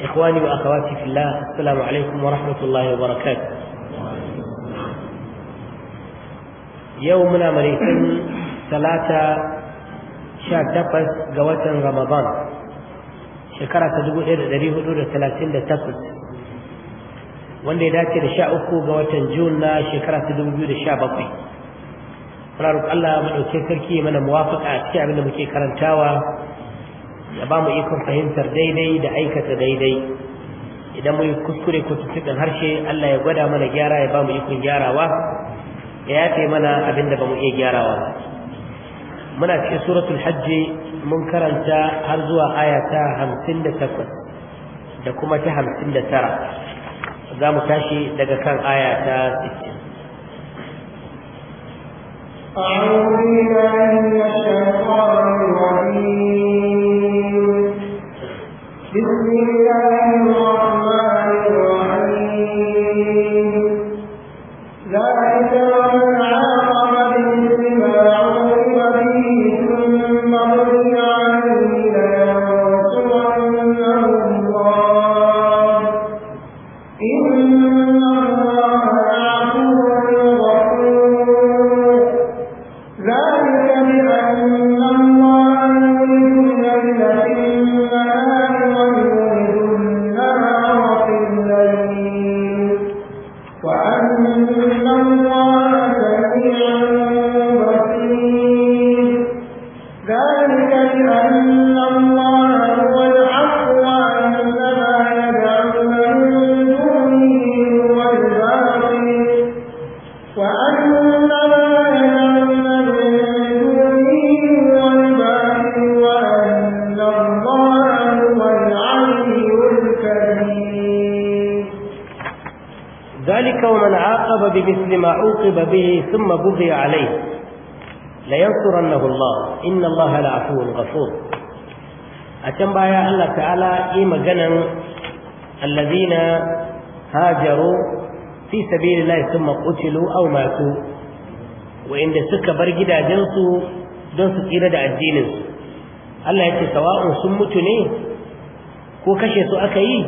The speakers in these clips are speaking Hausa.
إخواني وأخواتي في الله السلام عليكم ورحمة الله وبركاته يومنا مريكين ثلاثة شهر تقص قوات رمضان شكرا تدبو إير دريه دور ثلاثين تقص wanda ya dace da sha uku ga watan Jun na shekara ta dubu biyu da sha bakwai. Muna roƙon Allah mu ɗauke sarki mana muwafaƙa a cikin abin da muke karantawa ya ba mu ikon fahimtar daidai da aikata daidai idan mu kuskure ko harshe Allah ya gwada mana gyara ya ba mu ikon gyarawa ya yafe mana abin da ba mu iya gyarawa muna ce suratul hajji mun karanta har zuwa aya ta hamsin da kuma ta hamsin tara za mu tashi daga kan aya ta أعوذ بالله من الشيطان الرجيم Bismillahirrahmanirrahim. La عوقب به ثم بغي عليه لينصرنه الله ان الله لعفو غفور اكن بايا الله تعالى اي مغنن الذين هاجروا في سبيل الله ثم قتلوا او ماتوا وان سكا بر gidajensu don su tsira da addinin su Allah yake sawa'un sun mutu ne ko kashe su aka yi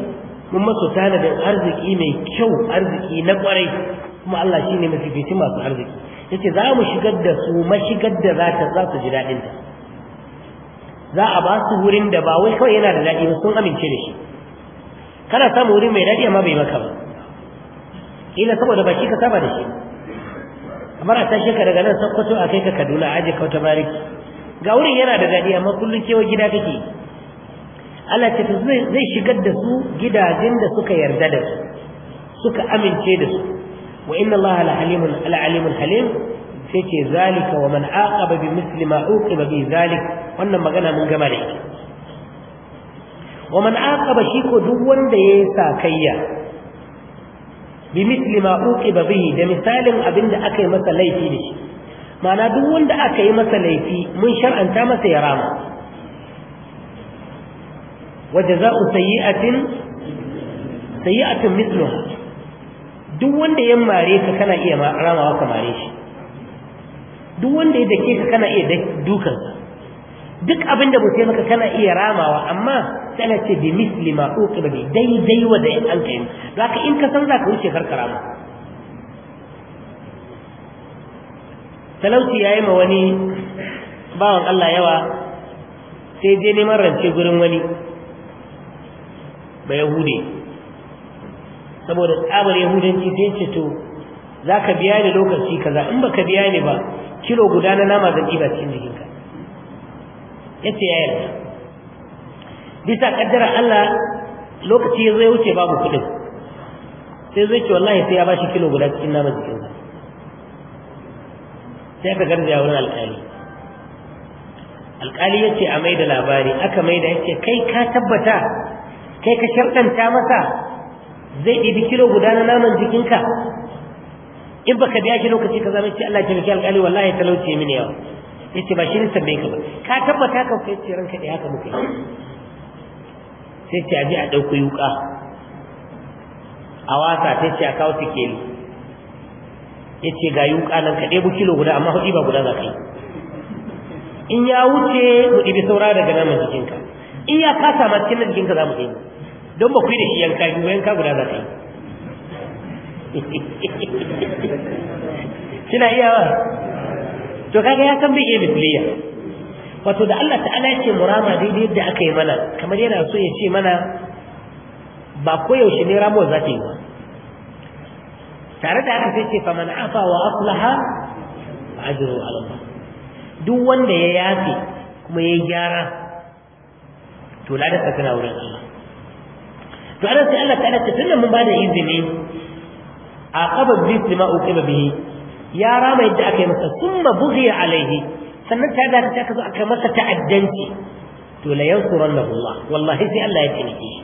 mun masu tanadin arziki mai kyau arziki na ƙwarai kuma Allah ne mafificin masu arziki Yake za mu shigar da su mashigar da za ta za su ji daɗinta. za a ba su wurin da ba wai kawai yana da daɗi ba sun amince da shi kana samun wurin mai daɗi amma bai maka ba ina saboda ba shi ka saba da shi kamar a tashi ka daga nan sakkwato a kai ka kaduna a aje kauta bariki ga wurin yana da daɗi amma kullum kewa gida kake Allah ce zai shigar da su gidajen da suka yarda da su suka amince da su وإن الله لعليم لعليم حليم في ذلك ومن عاقب بمثل ما عوقب به ذلك وأن ما من جمالك ومن عاقب شيكو دون ديسا كيا بمثل ما عوقب به ده مثال ابن ده اكي مثل ليتي لي ما انا دون ده اكي مثل ليتي من شر انت مثل يرام وجزاء سيئة سيئة مثلها duk wanda ya mare ka kana iya ramawa ka mare shi duk wanda ya dake ka kana iya dukan duk abin da mutum maka kana iya ramawa amma sai ce bi misli ma uqba bi daidai wa da an kai don haka in ka san za ka wuce karka rama talauci yayi ma wani bawan Allah yawa sai je neman rance gurin wani ba yahude saboda tsabar yahudanci sai ce to za ka biya ni lokaci kaza in baka biya ni ba kilo guda na nama zan iba cikin jikinka ya ce ya yarda bisa kaddara Allah lokaci ya zai wuce babu kuɗin sai zai ce wallahi sai ya bashi kilo guda cikin nama jikinsa sai aka garzaya wurin alƙali alƙali ya ce a mai da labari aka mai da ya ce kai ka tabbata kai ka shartanta masa zai ɗibi kilo guda na naman jikinka in baka biya shi lokaci ka zama ce Allah ya taimaki alƙali wallahi talauci mini yawa yace ba shi ne tambaye ka ba ka tabbata ka kai ce ranka da haka muka yi sai ce aje a ɗauko yuka a wasa sai ce a kawo sikeli yace ga yuka nan ka ɗebo kilo guda amma hudi ba guda za ka yi in ya wuce mu ɗibi saura daga naman jikinka in ya kasa ma cikin jikinka za mu ɗebo don ba ku da shi yanka shi yanka guda za ta yi kina ba to kaga ya san bai iya misliya wato da Allah ta'ala ya ce murama daidai da aka yi mana kamar yana so ya ce mana ba koyaushe ne ramuwar za ta yi ba tare da aka sai ce mana afa wa aslaha ajru ala duk wanda ya yafe kuma ya gyara to da tsakana wurin Allah to anan sai Allah ta'ala ce tunda mun bada izini a qaba bi ma uqiba bihi ya rama yadda aka yi masa summa bughiya alaihi sannan ta da ta kazo aka masa ta'addanci to la yansurannahu Allah wallahi sai Allah ya taimake shi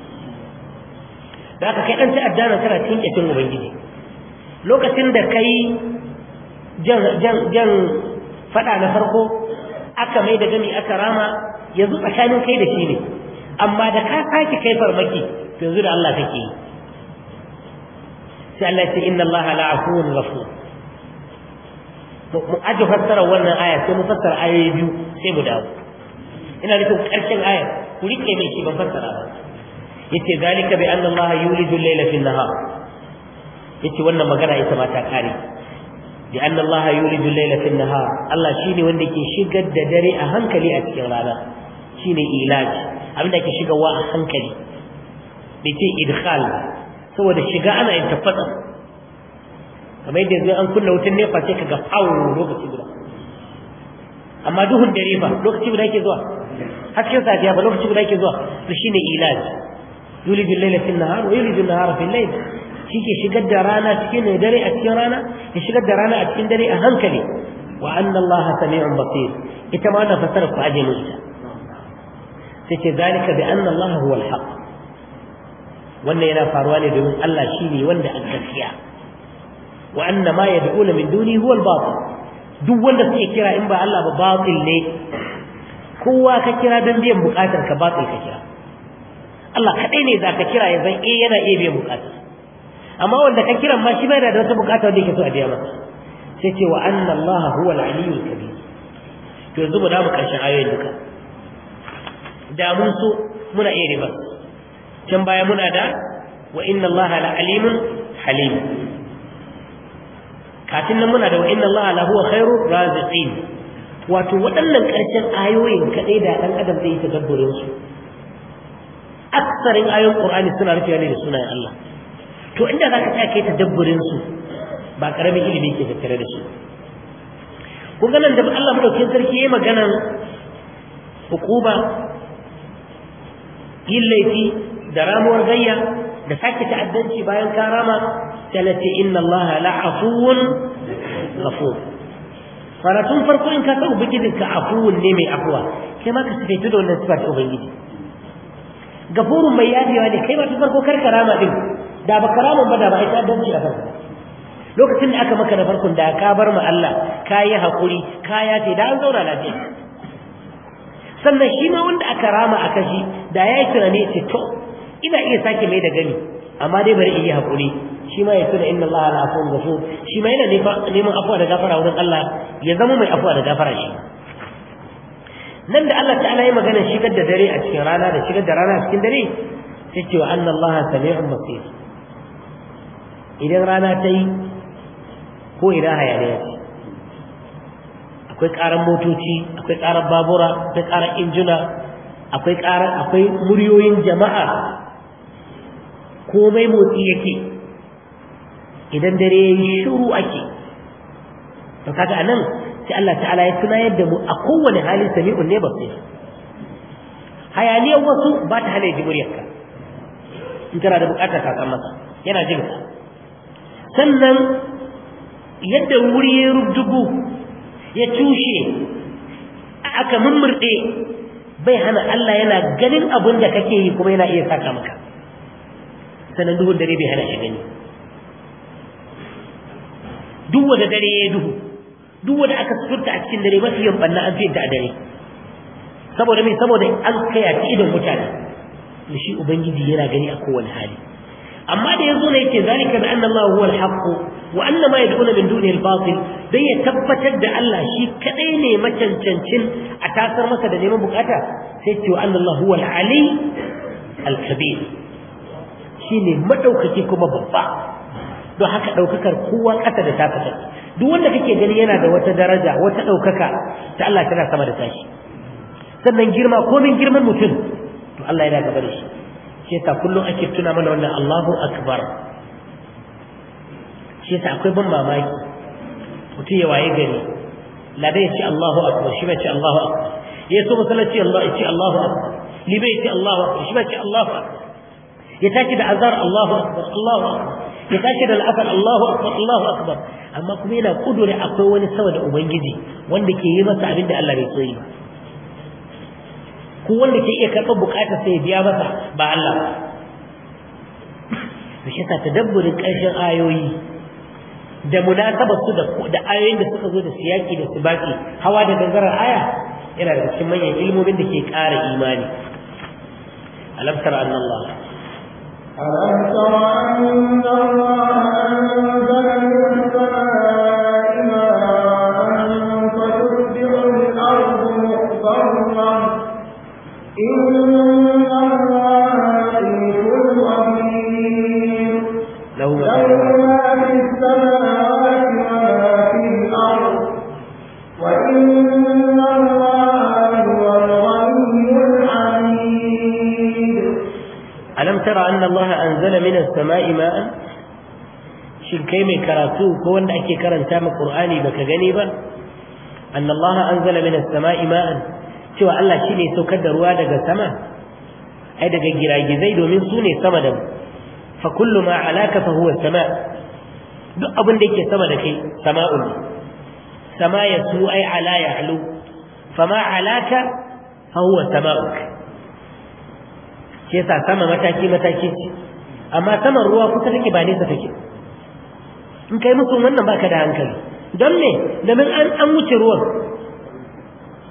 da aka kai dan ta'adda na kana cikin yakin ubangiji lokacin da kai jan jan jan fada na farko aka mai da gami aka rama yanzu tsakanin kai da shi ne amma da ka sake kai farmaki to yanzu da Allah kake yi sai Allah ya ce inna Allah la afuwun ghafur mu aje fassara wannan aya sai mu fassara ayoyi biyu sai mu dawo ina da nufin karshen aya ku rike mai shi ban fassara ba yace zalika bi anna Allah yulijul layla fil nahar yace wannan magana ita ma ta kare bi anna Allah yulijul layla fil nahar Allah shine wanda ke shigar da dare a hankali a cikin rana shine ilaji abin da ke shigawa a hankali bai ce idkhal saboda shiga ana yin tafasa kamar yadda yanzu an kulla wutan nefa sai kaga fawo lokaci guda amma duhun dare ba lokaci guda ke zuwa hasken safiya ba lokaci guda ke zuwa to shine ilaj yuliju al-layla fi an-nahar wa yuliju an-nahara fi al-layl shi ke shigar da rana cikin dare a cikin rana ya shigar da rana a cikin dare a hankali wa anna allaha sami'un basir ita ma wannan fasara ku aje mu ita sai ce zalika bi anna Allah huwa al-haq wannan yana faruwa ne domin Allah shine wanda a gaskiya wa anna ma yad'una min duni huwa al-batil duk wanda suke kira in ba Allah ba batil ne kowa ka kira don biyan bukatar ka batil ka kira Allah kadai ne za ka kira yanzu zan eh yana iya biyan bukatar amma wanda ka kira ma shi bai da wata bukata da yake so a biya masa sai ce wa anna Allah huwa al-aliyyul kabir to yanzu mu dawo karshen ayoyin duka da mun so muna iya riba can baya muna da wa inna Allah la alimun halim kafin nan muna da wa inna Allah la huwa khairu raziqin wato waɗannan ƙarshen ayoyin kaɗai da ɗan adam zai yi tadabburin su aksarin ayoyin Qur'ani suna rufewa ne da sunayen Allah to inda zaka tsaya kai tadabburin su ba karamin ilimi ke tattare da su kun ga nan da Allah ke sarki yayi maganar hukuma yin laifi da ramuwar gayya da sake ta'addanci bayan ka rama talati inna allaha la afuwun ghafur faratun farko in ka san ubangijin ka afuwun ne mai afuwa kai ma ka sifaitu da wannan sifar ta ubangiji gafurun mai yafewa ne kai ma tun farko kar ka rama din da ba karama ba da ba ai ta'addanci a farko. lokacin da aka maka da farkon da ka bar mu Allah ka yi hakuri ka yafe da an zauna lafiya sannan shi ma wanda aka rama a kashi da ya yi tunani ce to ina iya sake mai da gani amma dai bari in yi haƙuri shi ma ya tuna inna Allah ala afuwan gafur shi ma yana neman afuwa da gafara wurin Allah ya zama mai afuwa da gafara shi nan da Allah ta'ala ya magana shigar da dare a cikin rana da shigar da rana a cikin dare sai ce wa anna Allah sami'un basir idan rana ta yi ko idan hayaniya akwai karar motoci akwai karar babura akwai karar injina akwai karar akwai muryoyin jama'a komai motsi yake idan dare yayi shiru ake to kaga anan sai Allah ta'ala ya tuna yadda mu a kowane hali sami'un ne basir hayaniyar wasu ba ta hana jiburiyarka in tana da bukatar ka san masa yana jin ka sannan yadda wuri ya rubdubu ya cushe aka mummurde bai hana Allah yana ganin abin da kake yi kuma yana iya saka maka sanan duhun dare bai hana shi gani duk wanda dare ya duhu duk wanda aka surta a cikin dare mafi yawan banna an fiye da dare saboda me saboda an kai a cikin mutane shi ubangiji yana gani a kowane hali amma da yazo ne yake zalika bi anna Allah huwa al-haq wa anna ma yad'una min dunihi al-batil dan ya tabbatar da Allah shi kadai ne macancancin a tasar masa da neman bukata sai ce wa anna Allah huwa al-ali al-kabir shine madaukaki kuma babba don haka daukakar kowa kasa da taka duk wanda kake gani yana da wata daraja wata daukaka ta Allah tana sama da tashi sannan girma komin girman mutum to Allah yana gaba da shi shi yasa kullum ake tuna mana wannan Allahu akbar shi yasa akwai ban mamaki mutum ya waye gari lada ya ce Allahu akbar shi bai ce Allahu akbar ya so masallaci Allah ya ce Allahu akbar ni ya ce Allahu akbar shi bai ce Allahu akbar ya tashi da azar Allahu akbar Allahu akbar ya tashi da al'asar Allahu akbar Allahu akbar amma kuma yana kudure akwai wani sama da ubangiji wanda ke yi masa abin da Allah bai so yi ba ko wanda ke iya karɓar bukatar sai ya biya masa ba Allah ba shi ta tadabburin ƙarshen ayoyi da munasabar su da ayoyin da suka zo da siyaki da su baki hawa da gangarar aya yana da cikin manyan ilmomin da ke ƙara imani alam tara alam tara Allah anzala minas sama'i ma'an shin kai mai karatu ko ake karanta ma Qur'ani baka gani ba anna Allah anzala minas sama'i ma'an cewa Allah shine saukar da ruwa daga sama ai daga giragizai domin su sama da fa kullu ma alaka sama' duk abin yake sama da kai sama ya su ai ya ke yasa sama mataki mataki ce amma saman ruwa kusa take ba nesa take in kai musu wannan baka da hankali don me domin an an wuce ruwan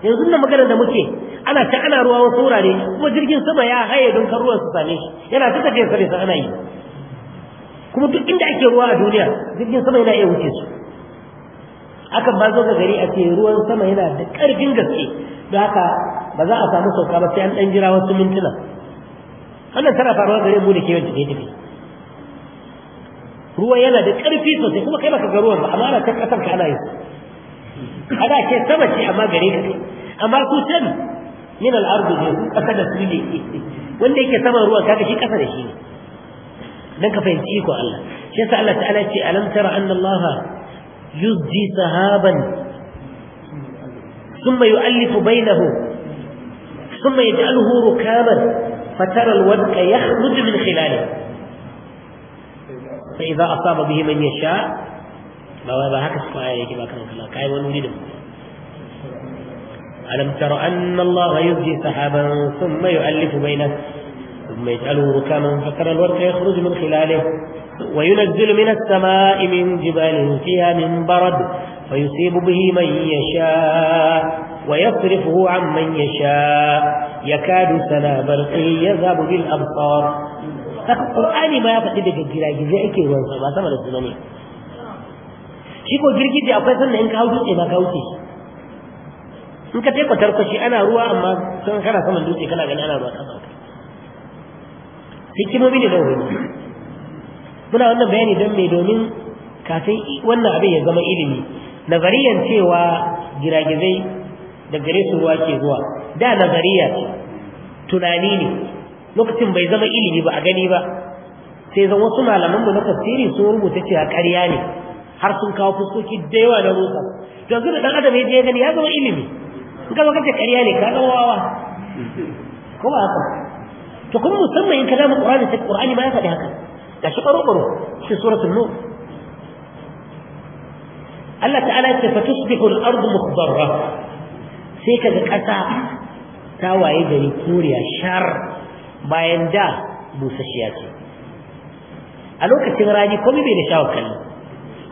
yanzu nan magana da muke ana ta ana ruwa wasu wurare kuma jirgin sama ya haye don kan ruwan su same shi yana ta tafiyar sare sa ana yi kuma duk inda ake ruwa a duniya jirgin sama yana iya wuce su akan ba zo ga gari a ce ruwan sama yana da ƙarfin gaske don haka ba za a samu sauka ba sai an ɗan jira wasu mintuna wannan tana faruwa gare mu da ke wanda ke tafi ruwa yana da ƙarfi sosai kuma kai baka ga ruwan ba amma ana ta ƙasar ka ana yi ana ce sama ce amma gare ka amma ku can min al'ardu ne ku ƙasa da su ne wanda yake saman ruwan kaga shi ƙasa da shi ne dan ka fahimci iko Allah shi yasa Allah ta'ala ce alam tara anna Allah yuzji sahaban thumma yu'allifu bainahu thumma yaj'aluhu rukaban فترى الودق يخرج من خلاله فإذا أصاب به من يشاء ما هكذا الآية يجب أن الله كاي ونريد ألم تر أن الله يزجي سحابا ثم يؤلف بينه ثم يجعله ركاما فترى الورق يخرج من خلاله وينزل من السماء من جبال فيها من برد فيصيب به من يشاء ويصرفه عمن يشاء يكاد سنا برقه يذهب بالأبصار القرآن ما يفتح لك الجلاج زي أكي وانسا ما سمع للسناني شيكو جرجي دي أبقى سنة إنك هوتي ما كوتي إنك تيكو تركشي أنا روى أما سنة كان سمع دوتي كان أنا روى كما hikimu bi ne da wani muna wannan bayani don mai domin kafin wannan abin ya zama ilimi nazariyan da gare su ruwa ke zuwa da nazariya tunani ne lokacin bai zama ilimi ba a gani ba sai zan wasu malaman mu na tafsiri sun rubuta cewa ƙarya ne har sun kawo fuskoki da yawa na rusa Don yanzu da dan adam ya je gani ya zama ilimi in ka zama ƙarya ne ka zama wawa ko ba haka to kuma musamman in ka zama ƙur'ani sai ƙur'ani ma ya faɗi haka ga shi karo-karo, shi suratul nur Allah ta'ala ya ce fa tusbihu al-ardu mukhdarra sai kaga ƙasa ta waye gari koriya shar bayan da busasshiya ce a lokacin rani komai bai da shawar kalli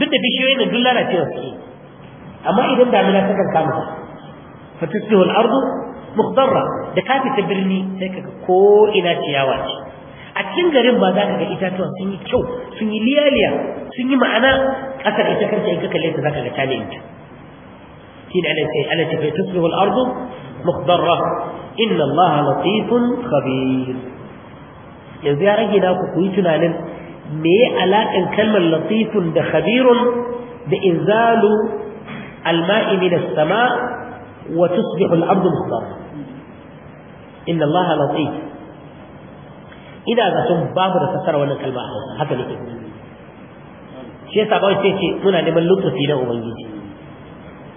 duk da bishiyoyin da duk lalacewa suke amma idan damina ta kanka kama fa tusbihu ardu mukhdarra da kafi ta birni sai kaga ko ina ciyawa ce a cikin garin ba za ka ga itatuwa sun yi kyau sun yi liyaliya sun yi ma'ana ƙasar ita kanta in ka kalle ta za ka ga ta shine Allah sai Allah ce tusbihu al-ardu mukhdarra inna Allah latifun yanzu ya rage na ku yi tunanin me alaƙan kalmar latifun da khabirun da inzalu al-ma'i sama wa tusbihu al-ardu mukhdarra inna Allah latif ina zaton babu da fassara wannan kalma a haka muna neman lokaci na ubangiji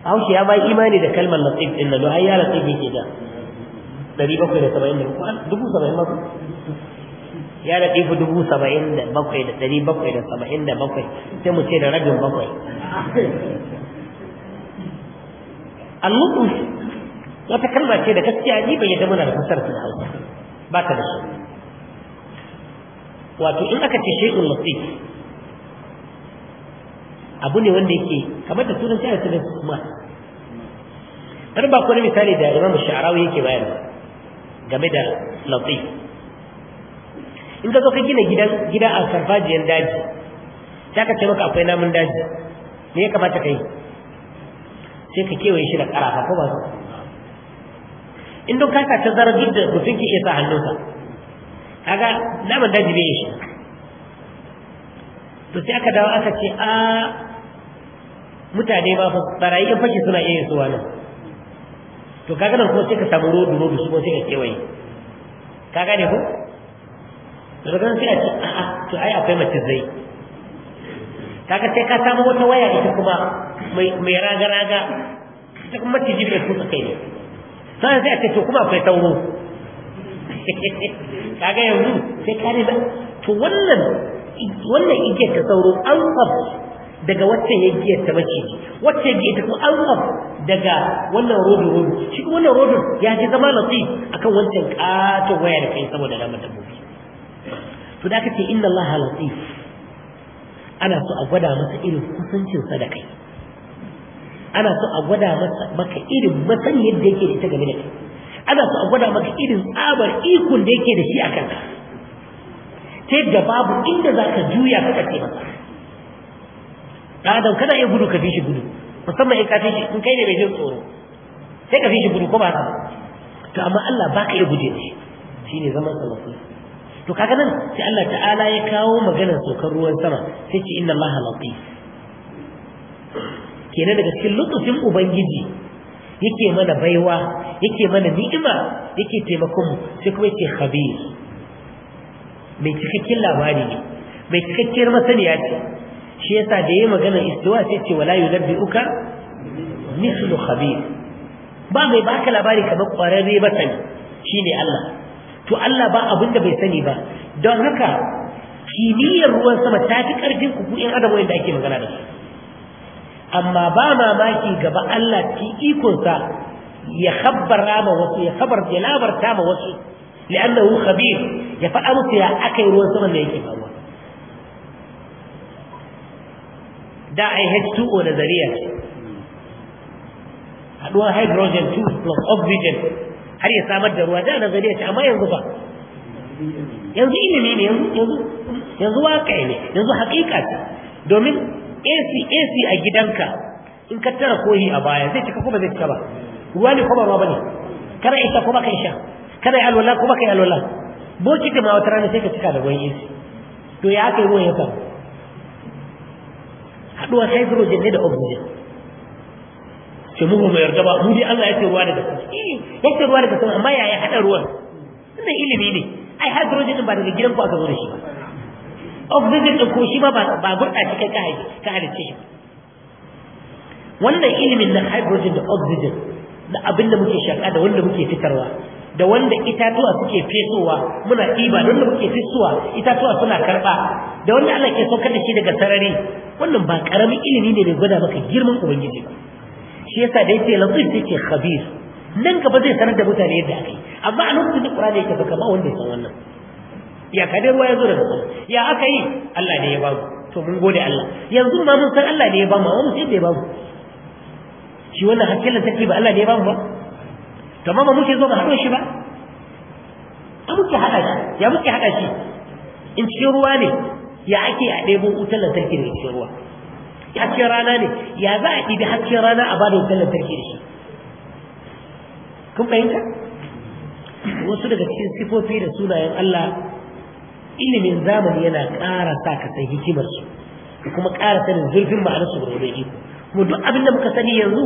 Haushe ya bai imani da kalmar nasib din nan har ya nasib yake da 770 dubu 70 bakwai? ya da ɗifu dubu saba'in da bakwai da dari bakwai da saba'in da bakwai sai mu ce da rabin bakwai al ya wata kalma ce da gaskiya ni bai yadda muna da fasar ta hausa ba ta da su wato in aka ce shay'un latif abu ne wanda yake kamar da sunan ta da ma dan ba kuma misali da Imam Sha'rawi yake bayarwa game da latif in ka zo ka gina gidan gida a sarfajiyar daji ta ka ce maka akwai namun daji me ya kamata ka yi sai ka kewaye shi da karafa ko ba su in don kaka ta zara duk da mutum ki sa hannunsa kaga namun daji bai shi to sai aka dawo aka ce a ah, mutane ba fa barayi in fashi suna iya yin suwa nan to kaga nan kuma sai ka samu rodu rodu su kuma sai ka kewaye ka gane ko to daga nan sai a ce a'a to ai akwai mace zai kaga sai ka samu wata waya ita kuma mai mai raga raga ita kuma maciji bai kusa kai ne sai sai a ce to kuma akwai tauro kaga yanzu sai ka ne to wannan wannan igiyar ta sauro an kwafi daga wacce ya giyar ta bace wacce ya ta kuma an daga wannan rodin rodin shi kuma wannan rodin ya ce zama latif akan wancan katon waya da kai saboda na mata mutu to da aka ce inna allaha latif ana so a gwada masa irin kusancin sa da kai ana so a gwada maka irin masan yadda yake da ita game da kai ana so a gwada maka irin tsabar ikon da yake da shi a kanka ta yadda babu inda za ka juya ka ce masa da adam kada ya gudu ka fi shi gudu musamman in ka fi shi in kai ne mai jin tsoro sai ka fi shi gudu ko ba to amma Allah baka iya guje da shi shine zaman salafi to kaga nan sai Allah ta'ala ya kawo maganar sokar ruwan sama sai ce inna Allah latif kenan daga cikin lutufin ubangiji yake mana baiwa yake mana ni'ima yake taimakon mu sai kuma yake khabir mai cikakken labari ne mai cikakkiyar masaniya ce shi yasa da yayi magana istiwa sai ce wala yunabbi'uka mislu khabir ba mai baka labari kamar kwararre ba sani shine Allah to Allah ba abin da bai sani ba don haka kimiyyar ruwan sama ta fi karfin ku in adam wanda ake magana da su amma ba mamaki gaba Allah ikonsa ya khabbara ma wasu ya khabar ya labarta ma wasu li'annahu khabir ya faɗa musu ya akai ruwan sama ne yake faruwa da ai H2O nazariya ce haduwar hydrogen 2 plus oxygen har ya samar da ruwa da nazariya ce amma yanzu ba yanzu ilimi ne yanzu yanzu waƙa ne yanzu haƙiƙa ce domin AC AC a gidanka in ka tara kohi a baya zai cika kuma zai cika ba ruwa ne kuma ba ne kana isa kuma kai sha kana alwala kuma kai alwala ta ma wata rana sai ka cika da ruwan AC to ya kai ruwan ya samu ruwan hydrogen ne da oxygen ce mu ba mu yarda ba mu dai Allah ya ce ruwa eh, ruwa amma hada ruwan wannan ilimi ne ai hydrogen ba daga gidan ku aka zo da shi ba oxygen ko shi ba ba shi kai ka halice shi wannan ilimin na hydrogen da oxygen da abin da muke shaka da wanda muke fitarwa da wanda itatuwa suke fesowa muna ɗiba da wanda muke fesowa itatuwa suna karɓa da wanda Allah ke saukar da shi daga sarari wannan ba ƙaramin ilimi ne mai gwada maka girman ubangiji ba shi yasa da yake latif yake khabir nan gaba zai sanar da mutane yadda ake. amma a lokacin da Qur'ani yake baka ba wanda ya san wannan ya kadai ruwa ya zo daga sama ya aka yi Allah ne ya bamu to mun gode Allah yanzu ma mun san Allah ne ya bamu amma mun sai da ya bamu shi wannan hakkin da take ba Allah ne ya mu ba to amma mu ce zo ba haɗo shi ba a muke haɗa shi ya muke haɗa shi in cikin ruwa ne ya ake a ɗebo wutar lantarki daga cikin ruwa hasken rana ne ya za a ɗibi hasken rana a ba da wutar lantarki da shi kun fahimta wasu daga cikin sifofi da sunayen Allah ilimin zamani yana ƙara sa ka san hikimarsu da kuma ƙara sanin zurfin ma'anarsu da wani iko kuma duk abin da muka sani yanzu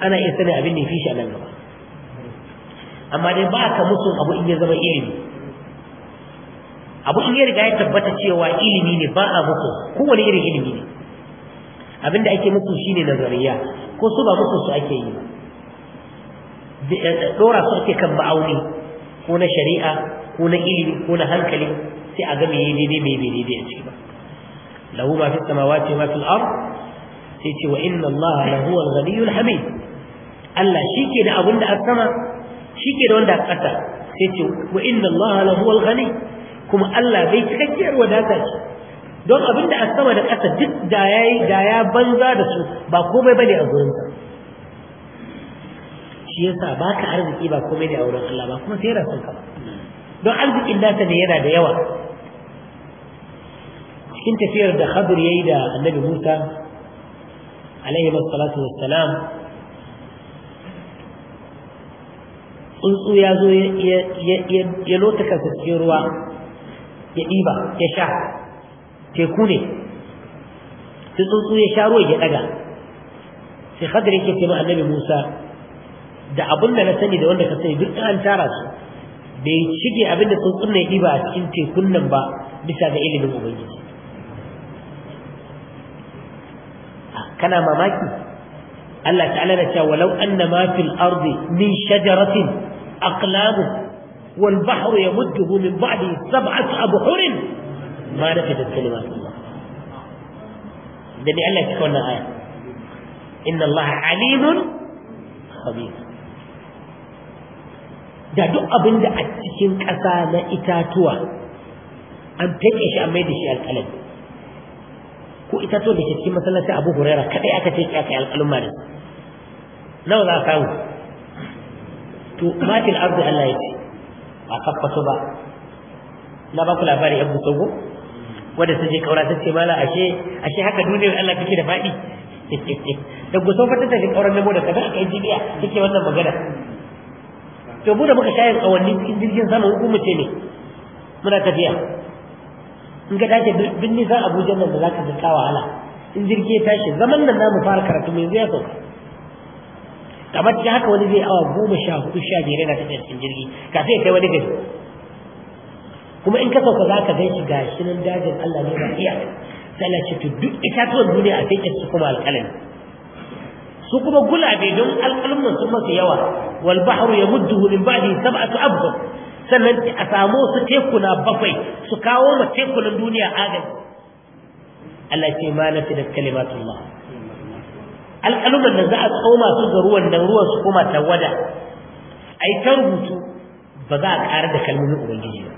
ana iya sanin abin da ya fi shi a nan gaba amma dai ba ka musun abu in ya zama ilimi abu in ya riga ya tabbata cewa ilimi ne ba a musu wani irin ilimi ne Abin da ake musu shine nazariya ko su ba musu su ake yi dora eh, eh, su ake kan ma'auni ko na shari'a ko na ilimi ko na hankali sai a ga me daidai me bai daidai a ciki ba lahu ma fi samawati ma al ard sai ce wa inna allaha lahu al-ghaniyyul hamid Allah shi ke da abin da a sama shi ke da wanda a ƙasa sai ce wa inda Allah la al ghani kuma Allah bai cikakkiyar wadata ce don abin da a sama da ƙasa duk da yayi da ya banza da su ba komai bane a gurin ka? shi yasa baka arziki ba komai ne a wurin Allah ba kuma sai yana son ka don arzikin nasa ne yana da yawa cikin tafiyar da Khadir yayi da Annabi Musa alaihi salatu wassalam tsuntsu ya zo ya lota kansa ruwa ya ɗiba ya sha teku ne sai tsuntsu ya sha ruwa ya ɗaga sai hadar yake ce annabi musa da abin da na sani da wanda ka sani duk an tara su bai shige abin da tsuntsun ya ɗiba a cikin tekun nan ba bisa ga ilimin ubangiji ah, kana mamaki Allah ta'ala da cewa walau annama fil ardi min shajaratin أقلامه والبحر يمده من بعده سبعة أبحر ما كلمات الله الله تكون آية إن الله عليم خبير da duk abin da a cikin ƙasa na itatuwa an fete shi an maida shi ko itatuwa da ke cikin abu huraira kaɗai aka ce aka yi alƙalin nawa za a samu to matil ardi Allah ya ce ba kafato ba na ba ku labari yan butogo wadda su je kaura ta ce mala ashe ashe haka duniyar Allah take da faɗi da gusau fata ta ji kauran nemo da kaza aka injiniya take wannan magana to bude da muka shayin awanni cikin jirgin sama hukumu ce ne muna tafiya in ka dace bin nisan abuja nan da za ka ji wahala in jirgi ya tashi zaman nan namu fara karatu mai zai sauka kamar ta haka wani zai awa goma sha hudu sha biyar yana tafiya cikin jirgi kafin ya kai wani gari kuma in ka sauka za ka gan shi ga shi nan dajin Allah ne ba iya sai ce to duk itatuwan duniya a fece su kuma alƙalin. su kuma gulabe don alƙalamin sun masa yawa wal bahru yamudduhu min ba'di sab'atu abhur sannan a samu su tekuna bakwai su kawo ma tekunan duniya agaji Allah ce ma na fi da kalimatullah alƙaluman da za a tsoma su ga ruwan nan ruwan su koma tawada ai ta rubutu ba za a ƙara da kalmomin ubangiji ba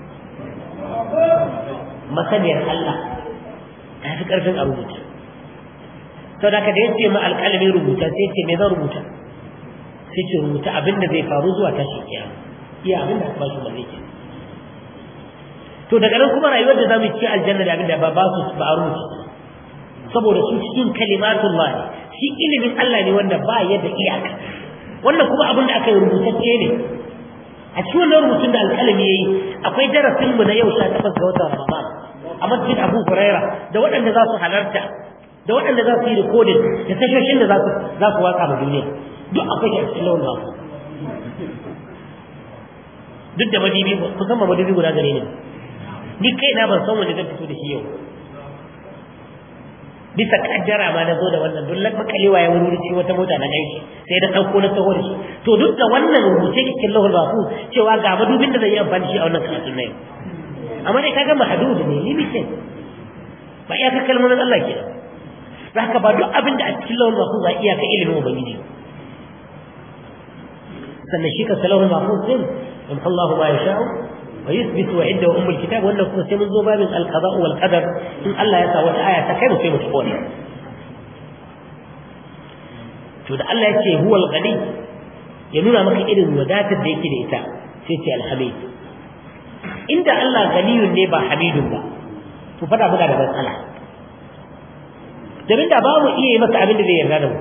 masaniyar Allah ta fi ƙarfin a rubuta sau da ka da yace ma alƙalamin rubuta sai ce me zan rubuta sai ce rubuta abin da zai faru zuwa tashi kiyama iya abin da ba su ba zai ke to daga nan kuma rayuwar da zamu ci aljanna da abinda ba ba su ba a rubuta saboda su cikin kalimatullahi shi ilimin Allah ne wanda ba yadda iyaka wannan kuma abin da aka yi rubutacce ne a cikin wannan rubutun da alƙalami yi akwai darasinmu na yau 18 ga wata Ramadan a masjid Abu Huraira da waɗanda za su halarta da waɗanda za su yi rikodin da tashoshin da za su za su waka ma duniya duk akwai shi a cikin lawan nasu duk da madibi kusan ma madibi guda gare ne ni kai na ban san wanda zai fito da shi yau bisa kaddara ma na zo da wannan duk makalewa ya wurwurci wata mota na gaishe sai da ɗauko na taho da shi to duk da wannan rubuce cikin lahul baku cewa ga madubin da zai yi amfani shi a wannan karatun na yau amma dai kaga mahadud ne limited ba iya ka kalmomin Allah ke da ba haka ba duk abin da a cikin lahul baku ba iya ka ilimin ubangiji sannan shi ka salahul baku din in Allah ba ya sha'u ويثبت وعده ام الكتاب ولا كنا سيمن زو باب القضاء والقدر ان الله يسا وتا ايه في متقون to da Allah yake huwa al-ghani ya nuna maka irin wadatar da yake da ita sai ce al-hamid inda Allah ghaniyun ne ba hamidun ba to fada buga da matsala domin da babu iya yi masa abin da zai yarda da mu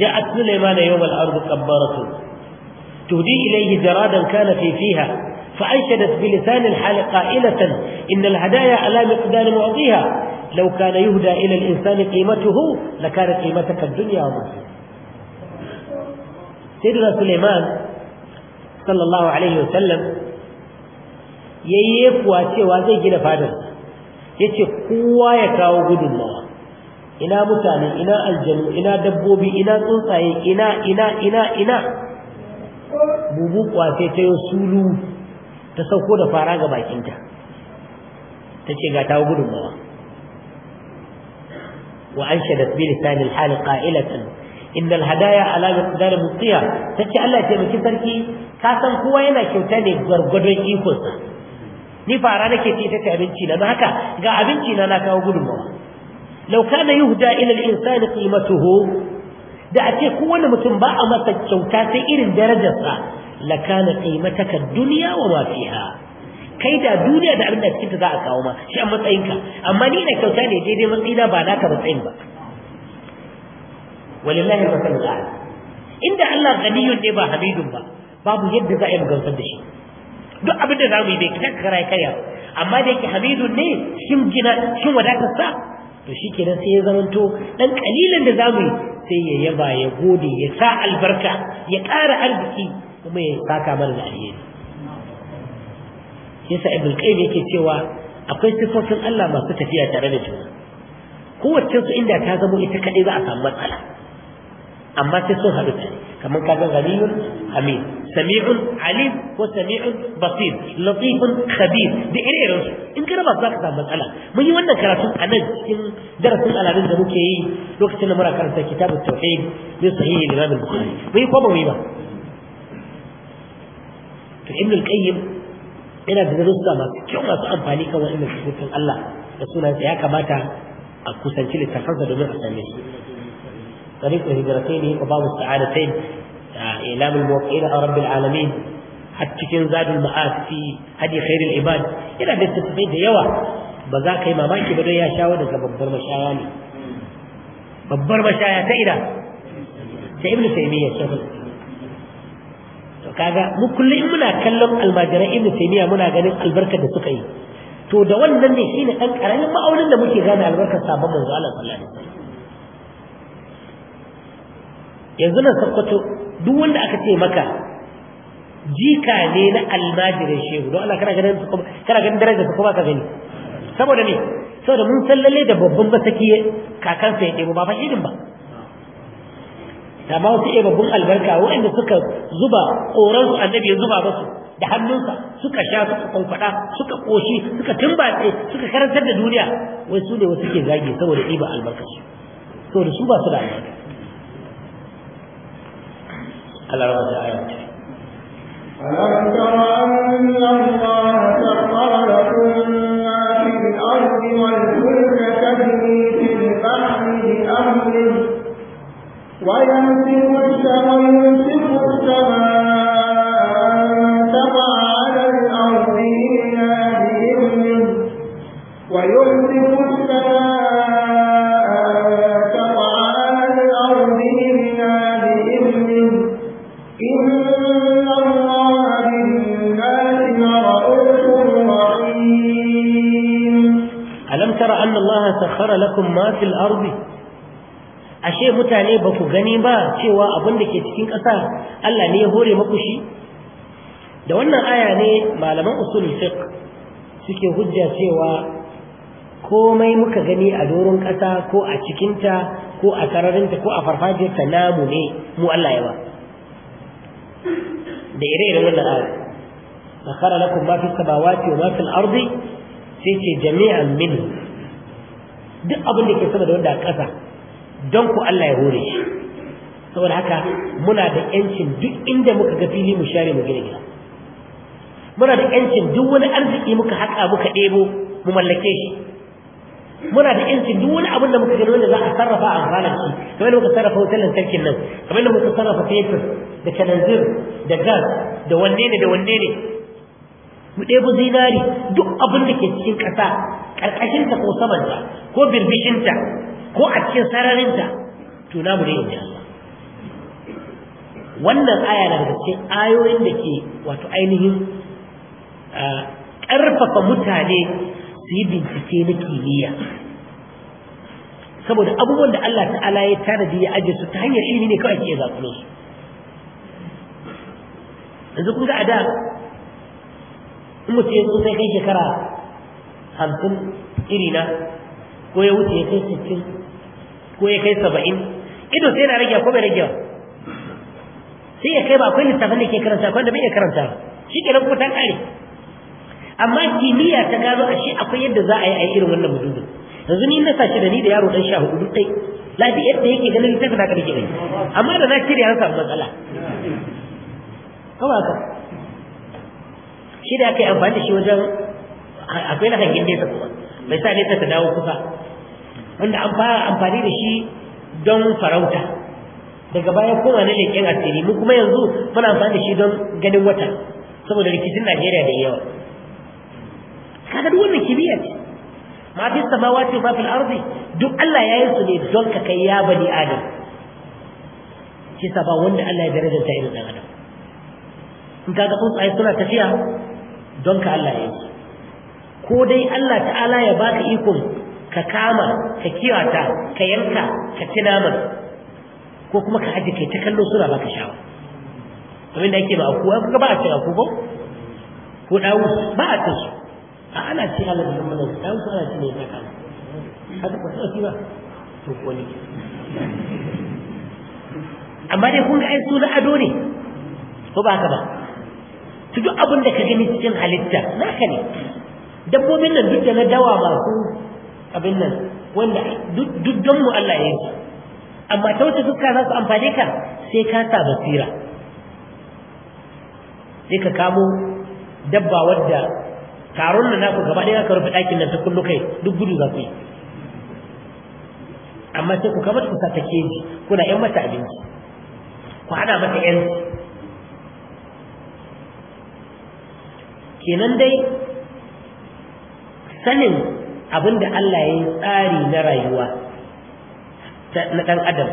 ja'at sulaymana yawm al-ard qabbaratu تهدي إليه جرادا كان في فيها فأنشدت بلسان الحال قائلة إن الهدايا على مقدار معطيها لو كان يهدى إلى الإنسان قيمته لكانت قيمتك الدنيا وما سيدنا سليمان صلى الله عليه وسلم yayyefuwa cewa zai gina fadar yace kowa ya إنا gudunmawa إنا mutane إنا إنا إنا إنا إنا, إنا إنا إنا إنا, إنا. bubu kwace ta yi sulu ta sauko da fara ga bakinta ta ce ga ta mawa wa an shadat bi lisanil hal qa'ilatan innal hadaya ala mutsiya Ta ce Allah ce taimaki sarki ka san kowa yana kyauta ne gwargwadon ikonsa ni fara nake ta ce abinci na haka ga abinci na na kawo gudunmawa lauka na yuhda ila al-insani qimatuhu da a ce kowane mutum ba a masa kyauta sai irin darajarsa la kana qaimataka dunya wa ma fiha kai da duniya da abin da cikin za a kawo ma shi a matsayinka amma ni na kyauta ne daidai matsayina ba naka matsayin ba walillahi al-masal al inda Allah ganiyun ne ba hamidun ba babu yadda za a yi gamsar da shi duk abin da za mu yi bai kakara ya karya amma da yake hamidun ne shin gina shin wadatar sa to shi kenan sai ya zamanto ɗan ƙalilan da zamu yi sai ya yaba ya gode ya sa albarka ya ƙara arziki kuma ya saka mana da alheri yasa ibn qayyim yake cewa akwai sifofin Allah masu tafiya tare da juna kowace su inda ta zamo ita kaɗai za a samu matsala amma sai sun haɗu ce kamar kaga ghaniyun amin sami'un alim ko sami'un basir latifun khabir da irin su in ka raba za ka samu matsala mun yi wannan karatu a nan cikin darasin aladun da muke yi lokacin da muna karanta kitabut tauhid bi sahihi al-imam al-bukhari mun yi ko ba mu yi ba to ibn al-qayyim yana da darussa masu kyau masu amfani kan wa'annan sifofin Allah da sunan ya kamata a kusanci littafansa domin a same su طريق هجرتين وباب السعادتين إعلام الموقعين على رب العالمين حتى زاد المعاد في هدي خير العباد إلى أن تتفيد يوا بذاك ما ماك بدو يا شاو دك ببر مشايا ببر مشايا تايدا ta ibnu taymiya shekul to kaga mu in muna kallon almajiran ibnu taymiya muna ganin albarkar da suka yi to da wannan ne shine ɗan ƙaramin ma'aunin da muke gane albarkar sabon manzo Allah yanzu nan sakkwato duk wanda aka ce maka jika ne na almajirin shehu don Allah kana ganin kana ganin darajar sa kuma ka gani saboda me saboda mun san lalle da babban basaki kakansa ya ɗebo ba fa idin ba amma wasu iya babban albarka waɗanda suka zuba ƙoransu annabi ya zuba musu da hannunsa suka sha suka kwankwada, suka ƙoshi suka tumbatse suka karantar da duniya wai su ne wasu ke zage saboda ɗiba su saboda su ba su da albarka Allah raba ta aya ce ألم تر أن الله سخر لكم ما في الأرض والفلك تجري في البحر بأمره ويمسك السماء يمسك السماء sakhara lakum ma fil ardi ashe mutane ba ku gani ba cewa abin da ke cikin ƙasa Allah ne ya hore maku shi da wannan aya ne malaman usul fiqh suke hujja cewa komai muka gani a doron ƙasa ko a cikinta ko a sararinta ko a farfajiyarta namu ne mu Allah yawa da ire-iren wannan aya sakhara lakum ma fi samawati wa ma fil ardi sai ce jami'an minhu duk abin da ke sama da wanda a ƙasa don ku Allah ya hore shi saboda haka muna da ƴancin duk inda muka ga fili mu share mu gina gida muna da ƴancin duk wani arziki muka haƙa muka ɗebo mu mallake shi muna da ƴancin duk wani abin da muka gani wanda za a sarrafa a amfanar shi kamar da muka sarrafa wutar lantarkin nan kamar da muka sarrafa fetur da kananzir da gas da wanne ne da wanne ne mu ɗebo zinari duk abin da ke cikin ƙasa ƙarƙashinta ko samanta ko birbishinta ko a cikin sararinta to na mu ne wannan aya na daga cikin ayoyin da ke wato ainihin ƙarfafa mutane su yi bincike na kimiyya saboda abubuwan da Allah ta'ala ya tanadi ya aje su ta hanyar ilimi ne kawai ke zaɓulo su yanzu kun ga a da in mutum ya tsufa kai shekara hamsin irina ko ya wuce ya kai sittin ko ya kai saba'in ido sai na rage ko bai rage sai ya kai ba akwai littafin da ke karanta akwai da bai karanta shi ke nan ta kare amma kimiyya ta gano ashe akwai yadda za a yi a irin wannan mutum yanzu ni na sashi da ni da yaro dan sha hudu dai lafi yadda yake ganin littafin da ka dake amma da na cire an samu matsala kawai ka? shi da aka yi amfani da shi wajen akwai na hangin nesa kuma mai sa nesa ta dawo kusa wanda an fara amfani da shi don farauta daga baya kuma na leƙen asiri mu kuma yanzu muna amfani da shi don ganin wata saboda rikicin najeriya da yawa kaga duk wannan kimiyya ce ma fi samawati ma fi arzi duk Allah ya yi su ne don ka kai ya bani adam shi wanda Allah ya daraja ta irin dan adam in kaga tsuntsaye suna tafiya don ka Allah ya yi ko dai Allah ta'ala ya baka ikon ka kama ka kiwata ka yanka ka ci naman ko kuma ka haji kai ta kallo suna baka shawa abin da ake ba a kuwa kuka ba a cin ko ko dawo ba a cin su a ana cin Allah da mana dawo su ana cin ne ta kama haka ba sauki ba to ko ne amma dai kun ga ai su na ado ne ko ba haka ba su duk abin da ka gani cikin halitta naka ne dabbobin nan duk da na dawa masu abin nan wanda duk don mu Allah ya yi amma ta wata suka za su amfani ka sai ka sa basira sai ka kamo dabba wadda taron na naku gaba ɗaya ka rufe ɗakin nan ta kullu kai duk gudu za ku yi amma sai ku kamar ku sa ta keji kuna yan mata abinci ku hada mata yan kenan dai sanin abin da Allah ya yi tsari na rayuwa na ɗan adam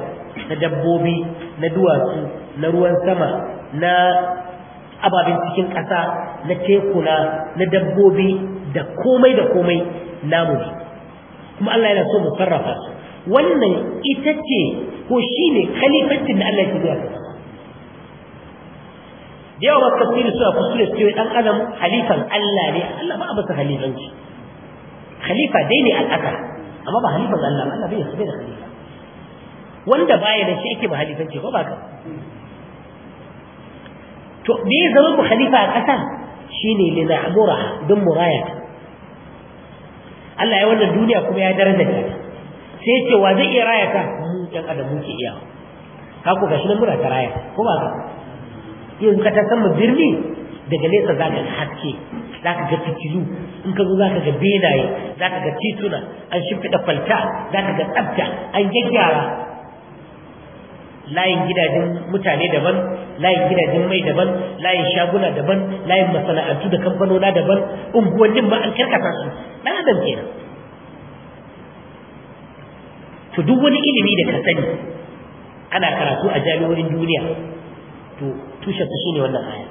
na dabbobi na duwatsu na ruwan sama na ababen cikin ƙasa na tekuna na dabbobi da komai da komai namu ne kuma Allah yana so mu sarrafa su wannan ita ce ko shi ne kalifancin da Allah ya fi zuwa da yawa masu tafsiri suna kuskure su ce dan adam halifan Allah ne Allah ba a masa halifanci khalifa dai ne al'akar amma ba halifan Allah ba Allah bai yasu da khalifa wanda baya da shi yake ba halifanci ba ba ka to me ya zama mu khalifa a ƙasa shi shine li na'mura dun murayata Allah ya wannan duniya kuma ya daraja ta sai ya ce wa zai iya raya ka mu ɗan adam muke iya ka ku gashi nan muna ta raya ko ba ka in ka ta sama birni daga nesa za ka haske za ka ga fitilu in ka zo za ka ga benaye za ka ga tituna an shimfiɗa falta za ka ga tsabta an gyaggyara layin gidajen mutane daban layin gidajen mai daban layin shaguna daban layin masana'antu da kamfanona daban unguwannin ma an karkata su ɗan adam kenan to duk wani ilimi da ka sani ana karatu a jami'o'in duniya to tushe ku shine wannan aya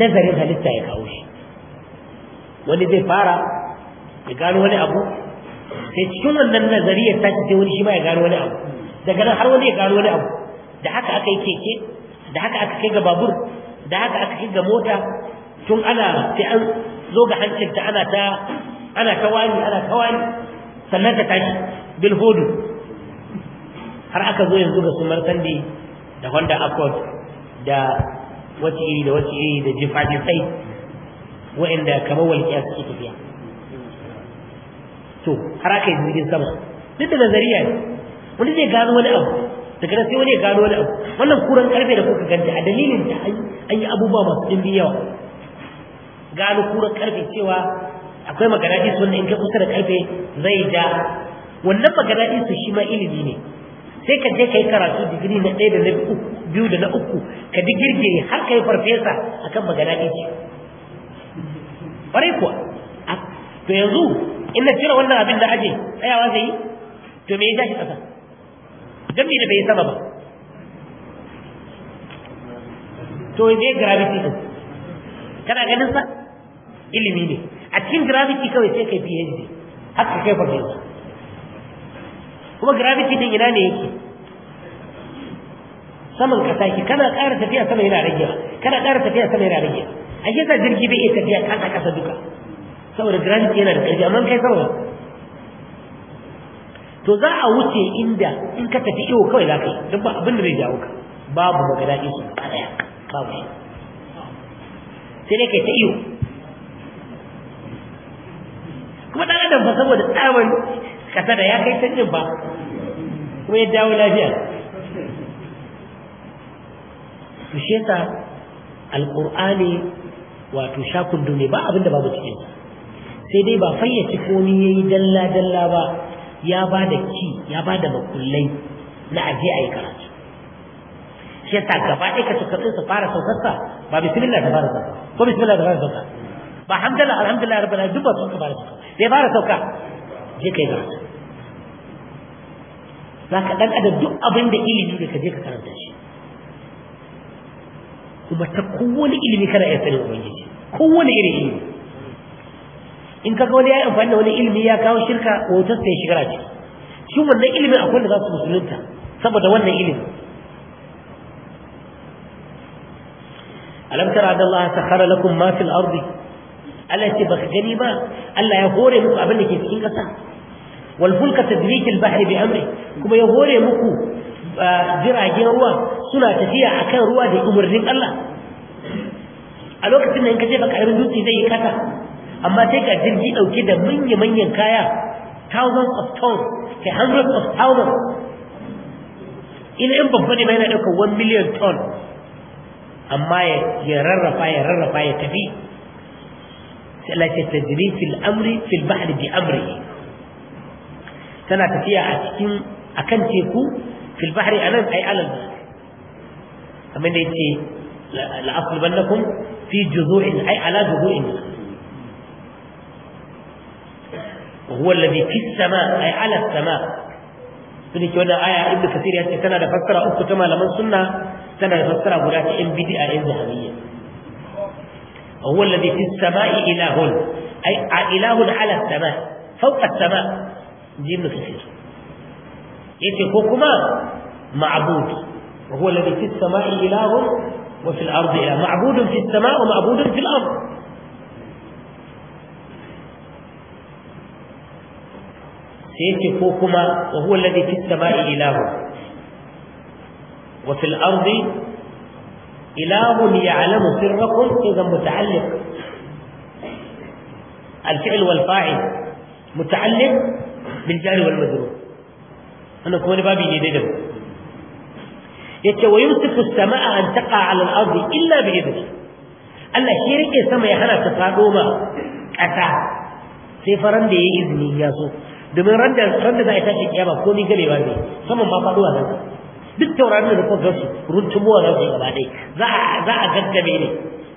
nazarin halitta ya kawo shi wani zai fara ya gano wani abu sai cikin wannan nazariyar ta ce wani shi ma ya gano wani abu daga nan har wani ya gano wani abu da haka aka yi keke da haka aka kai ga babur da haka aka kai ga mota tun ana sai an zo ga hancinta ana ta ana ta wani ana ta wani sannan ta tashi bilhudu har aka zo yanzu ga su sande. da wanda accord da wace iri da wace iri da jifa-jifai wa'inda kamar walƙiya suke tafiya to har aka yi jirgin sama duk da nazariya ne wani zai gano wani abu daga nan sai wani ya gano wani abu wannan kuran karfe da kuka ganta a dalilin da an yi abubuwa masu ɗimbi yawa gano kuran karfe cewa akwai magana isu wanda in ka kusa da karfe zai ja wannan magana isu shi ma ilimi ne sai ka je ka yi karatu digiri na ɗaya da na biyu da na uku ka digirge har ka yi farfesa a kan magana ɗinci ƙwarai kuwa to yanzu in na cire wannan abin da aje tsayawa zai yi to me ya ja shi ƙasa don me da bai yi sama ba to zai gravity ɗin kana ganin sa ilimi ne a cikin gravity kawai sai ka yi phd haka kai farfesa kuma gravity din ina ne yake saman kasa yake kana ƙara tafiya sama yana rage kana ƙara tafiya sama yana rage a shi yasa jirgi bai iya tafiya kasa kasa duka saboda gravity yana da ƙarfi amma kai sama to za a wuce inda in ka tafi iyo kawai za ka yi duk ba abin da bai jawo ka babu magana ɗin su ba ɗaya babu shi sai dai kai ta iyo kuma ɗan adam fa saboda tsawon kasa da ya kai canjin ba kuma ya dawo lafiya su shi yasa alqur'ani wato shakun dole ba abinda babu cikin sai dai ba fayyace komi yi dalla dalla ba ya ba da ki ya ba da makullai na aje a yi karatu shi yasa gaba ɗaya ka tukatsu su fara saukarsa ba bismillah da fara sauka ko bismillah da fara sauka ba hamdala alhamdulillah rabbil alamin duk ba sun fara sauka sai fara sauka je kai gaba zaka dan adam duk abin da ilimi da je ka karanta shi kuma ta kowane ilimi kana iya sanin ubangiji kowane irin ilimi in kaga wani ya yi amfani da wani ilimi ya kawo shirka hotar ta shigar ce shi wannan ilimin akwai da za su musulunta saboda wannan ilimin alam tara da Allah sakhara lakum ma fil ardi Allah ya ce baka gani ba Allah ya hore muku abin da ke cikin kasa والفلك تدريك البحر بأمره كما يقول kuma ya hore muku ah, jiragen ruwa suna tafiya akan ruwa da umarnin Allah a lokacin da in ka jefa ƙarin dutse zai yi kasa amma sai jirgi da manya kaya thousands of tons kai hundreds of thousands ina in babba ne ma yana ɗaukar one million tons. amma ya rarrafa ya rarrafa ya tafi sai Allah fil tana tafiya a cikin akan teku fil bahri anan ay alal bahri kamar da yace la aslubannakum fi juzu'in ay ala juzu'in وهو الذي في السماء أي على السماء sun ke wannan aya ibnu kasir ya ce tana da fassara uku ta malaman sunna tana da fassara guda ta yan bid'a yan zahabiyya huwa alladhi fi samai ilahun ay ji ibn kasir yace ko kuma ma'bud wa huwa alladhi fi as-sama'i ilahun wa fil ardi ilah ma'budun fi as-sama'i wa ma'budun fil ardi sai yace ko kuma wa huwa alladhi fi as-sama'i ilahun wa fil ardi إله يعلم سركم إذا متعلق الفعل والفاعل متعلق bil jari wal majrur wannan kuma ne babi ne dai da yace wa yumsiku as-samaa an taqa 'ala al-ardi illa bi Allah shi rike sama ya hana ta fado ma kasa sai faran da yayi izini ya domin ran da ran da za a tashi kiyama ko ni galewa ne saman ma faduwa za ta duk taurarin da kuka gasu runtumowa za su dai za a gaggame ne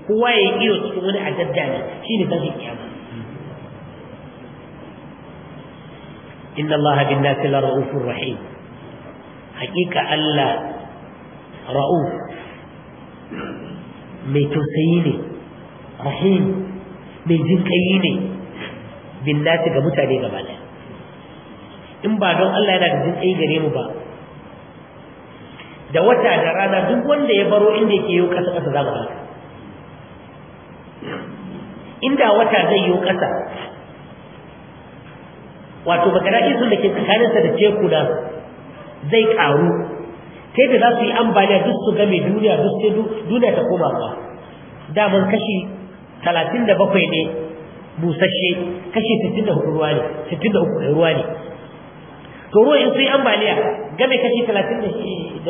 kowa ya iyo cikin wani a gaggame shine tashi kiyama inna allaha bin nasi la ra'ufur rahim haƙiƙa Allah ra'uf mai tausayi ne rahim mai jinƙayi ne bin nasi ga mutane gaba ɗaya in ba don Allah yana da jinƙayi gare mu ba da wata da rana duk wanda ya baro inda yake yau ƙasa ƙasa za mu halaka inda wata zai yi ƙasa wato bakara da ke tsakaninsa da teku na zai karu ta yadda za su yi ambaliya duk su game duniya duk sai duniya ta koma ba daman kashi 37 da ne busasshe kashi sittin ruwa ne da ruwa ne to ruwa in sun yi ambaliya game kashi 36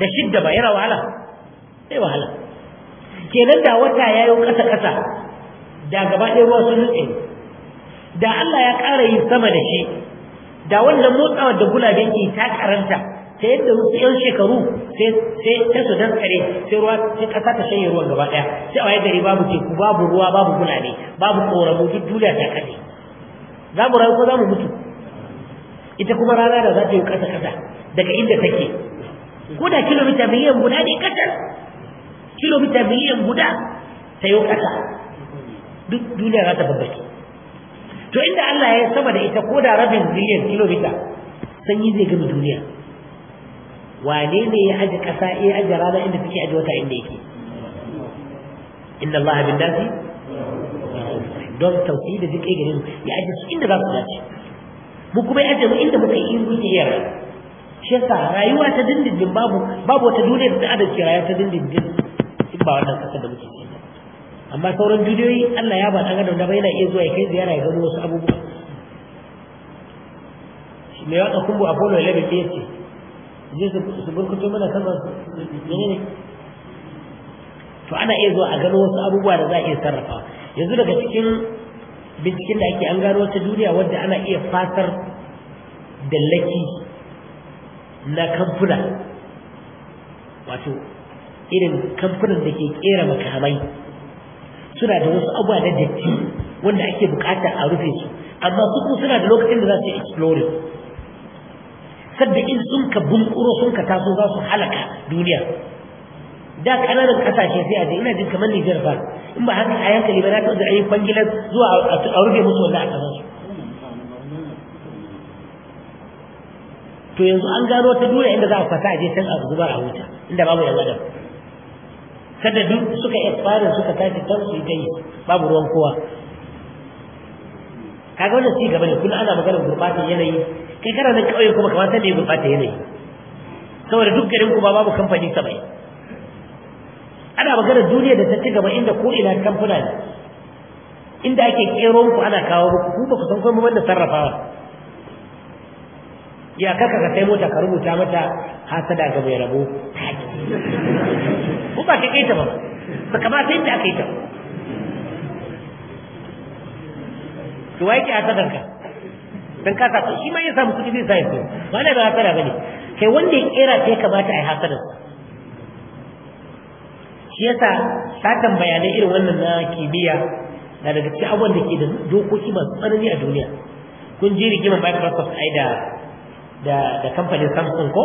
da shidda ba yana wahala sai wahala kenan da wata ya yi kasa kasa da gaba ɗaya ruwa sun nutse da Allah ya ƙara yi sama da shi da wannan motsawa da gulaben ke ta karanta ta yadda wasu yan shekaru sai ta su daskare sai ruwa sai ƙasa ta shanye ruwan gaba ɗaya sai a yadda gari babu teku babu ruwa babu gulabe babu ƙoramu duk duniya ta kaɗe za mu rayu ko za mu mutu ita kuma rana da za ta yi ƙasa ƙasa daga inda take ko da kilomita miliyan guda ne ƙasar kilomita miliyan guda ta yi ƙasa duk duniya za ta babbake to inda Allah ya saba da ita ko da rabin ziliyar kilomita sanyi zai gami duniya wane ne ya aje kasa ya aje rana inda take aje wata inda yake inna Allah bin nasi don tausayi da duk garin ya aje su inda za su dace mu kuma ya aje mu inda muka yi muke iya yara. shi yasa rayuwa ta dindindin babu babu wata duniya da ta adalci rayuwa ta dindindin in ba wannan kasar da muke ciki amma sauran bidiyoyi Allah ya ba ɗan adam da yana iya zuwa ya kai ziyara ya gano wasu abubuwa shi mai waka kumbu Apollo 11 ɗaya ce je su burkutu mana sama ne ne to ana iya zuwa a gano wasu abubuwa da za a iya sarrafa yanzu daga cikin binciken da ake an gano wata duniya wadda ana iya fasar da laki na kamfuna wato irin kamfunan da ke kera makamai suna da wasu abuwa na datti wanda ake bukata a rufe su amma su kuma suna da lokacin da za su yi exploring sadda in sun ka bunkuro sun ka taso za su halaka duniya da kananan kasashe sai a je ina jin kamar Nijar ba in ba haka a yankali ba na ta zai ayyukan zuwa a rufe musu wannan a kasar to yanzu an gano ta duniya inda za a fata a je can a zubar a wuta inda babu yan adam kada duk suka expire suka tashi can su ta yi babu ruwan kowa kaga wannan ci gaba ne kullum ana magana gurbata yanayi kai kana nan kauye kuma kamar sai ya gurbata yanayi saboda duk garin ku babu kamfani sabai ana magana duniya da ta ci gaba inda ko ina kamfuna ne inda ake kero ku ana kawo ku ku ba ku san kuma wanda sarrafawa ya kaka ka sai mota ka rubuta mata hasada ga mai rabo ko ba ka keta ba ba ka ba sai da kai ta to wai ke hasadar ka dan ka sa shi ma ya samu kuɗi zai sa ya so ba ne ba hasada bane kai wanda ya kera sai kamata a yi hasadar shi yasa satan bayanai irin wannan na kimiyya na daga cikin abubuwan da ke da dokoki masu tsanani a duniya kun ji rigimar microsoft ai da da kamfanin samsung ko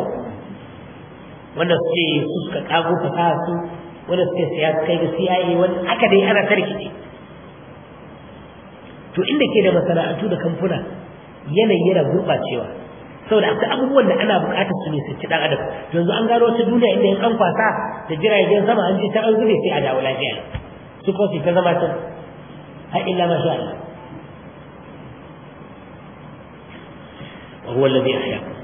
wanda suke su suka kago fasaha su wanda suke siya kai ga CIA wani aka dai ana tarkice to inda ke da masana'antu da kamfuna yanayi yana gurɓacewa saboda akwai abubuwan da ana buƙatar su ne su ci ɗan adam yanzu an gano wata duniya inda yan kwasa da jiragen sama an ji ta an zube sai a dawo lafiya su kuma su ta zama can har illa ma sha Allah وهو الذي أحياكم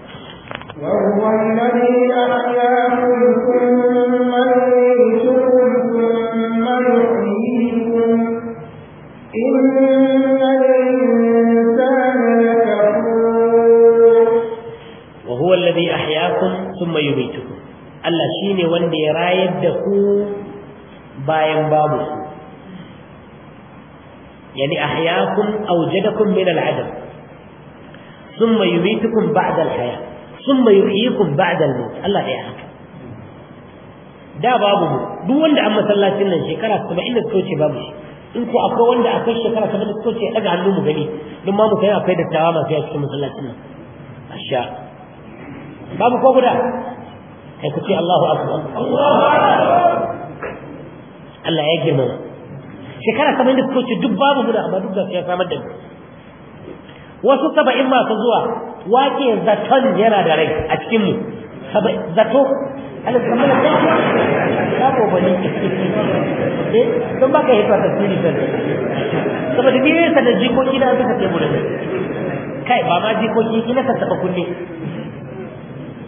وهو الذي أحياكم ثم يميتكم ثم يحييكم إن الإنسان لكفور وهو الذي أحياكم ثم يميتكم Allah shi ne wanda ya rayar da ku bayan babu su yani ahyaakum awjadakum min al'adam thumma yumitukum ba'da al-hayat thumma yuhyikum ba'da al-maut Allah ya da babu mu duk wanda an masallacin nan shekara 70 da suka ce babu shi in ko akwai wanda kai shekara 70 da suka wuce daga hannu mu gani don ma mu kai akwai dattawa masu yawa cikin masallacin nan asha babu ko guda kai ku ce Allahu akbar Allahu akbar Allah ya girma shekara 70 da suka ce duk babu guda amma duk da ya samar da wasu 70 masu zuwa wake zaton yana da rai a cikin mu zato Allah ya mana da ya ko bani eh don baka yi ta tasiri da saboda ni ne da jikoki na suka ce mu da kai ba ma jikoki ina ka taba kunne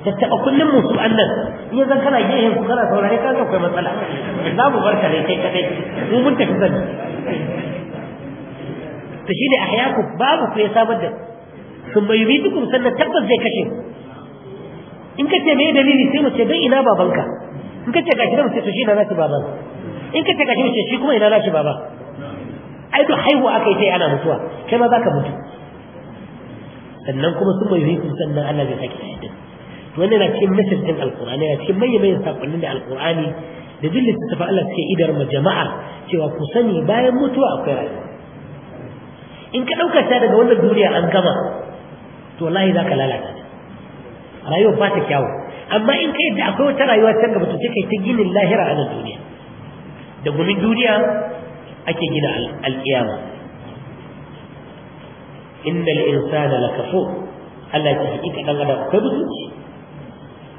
tattaba kullum musu annan iya zan kana gehen su kana saurare ka akwai matsala za mu barka dai kai kadai mu mun tafi zan to shine ahyaku babu ku ya sabar da sun bai yi tukun sannan tabbas zai kashe in ka ce mai dalili sai mu ce don ina babanka in ka ce gashi da mace to shi ina nashi baban in ka ce gashi mace shi kuma ina nashi baba ai duk haihuwa aka yi sai ana mutuwa kai ma za ka mutu sannan kuma sun bai yi sannan Allah zai sake shi din to wannan na cikin message din alqur'ani na cikin manyan manyan sakonnin da alqur'ani da dillin ta fa Allah sai idar ma jama'a cewa ku sani bayan mutuwa akwai rayuwa in ka ɗauka ta daga wannan duniya an gama to za ka lalata rayuwar ba ta kyawu amma in kai da akwai wata rayuwa can gaba to sai ta ginin lahira a nan duniya da gumin duniya ake gina alƙiyama innal insana kafo, Allah ya ce ita dan adam kai mutunci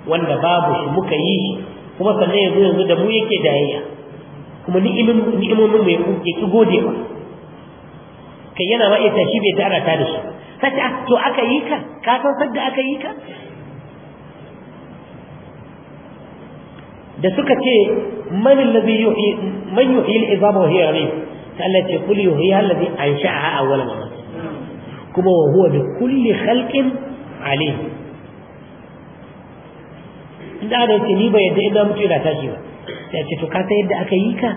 wanda babu shi muka yi shi kuma sannan yanzu yanzu da mu yake dayayya kuma ni'imomin mu ya ki gode ba. kai yana ma iya tashi bai tara ta da shi sai ah, to aka yi ka ka san sadda aka yi ka da suka ce man alladhi yuhi man yuhi al-izam wa hiya ramim ta Allah ce kul yuhi alladhi ansha'aha awwal marra kuma wa huwa bi kulli khalqin alim da da ce ni bai yadda idan mutu da tashi ba sai ce to ka san yadda aka yi ka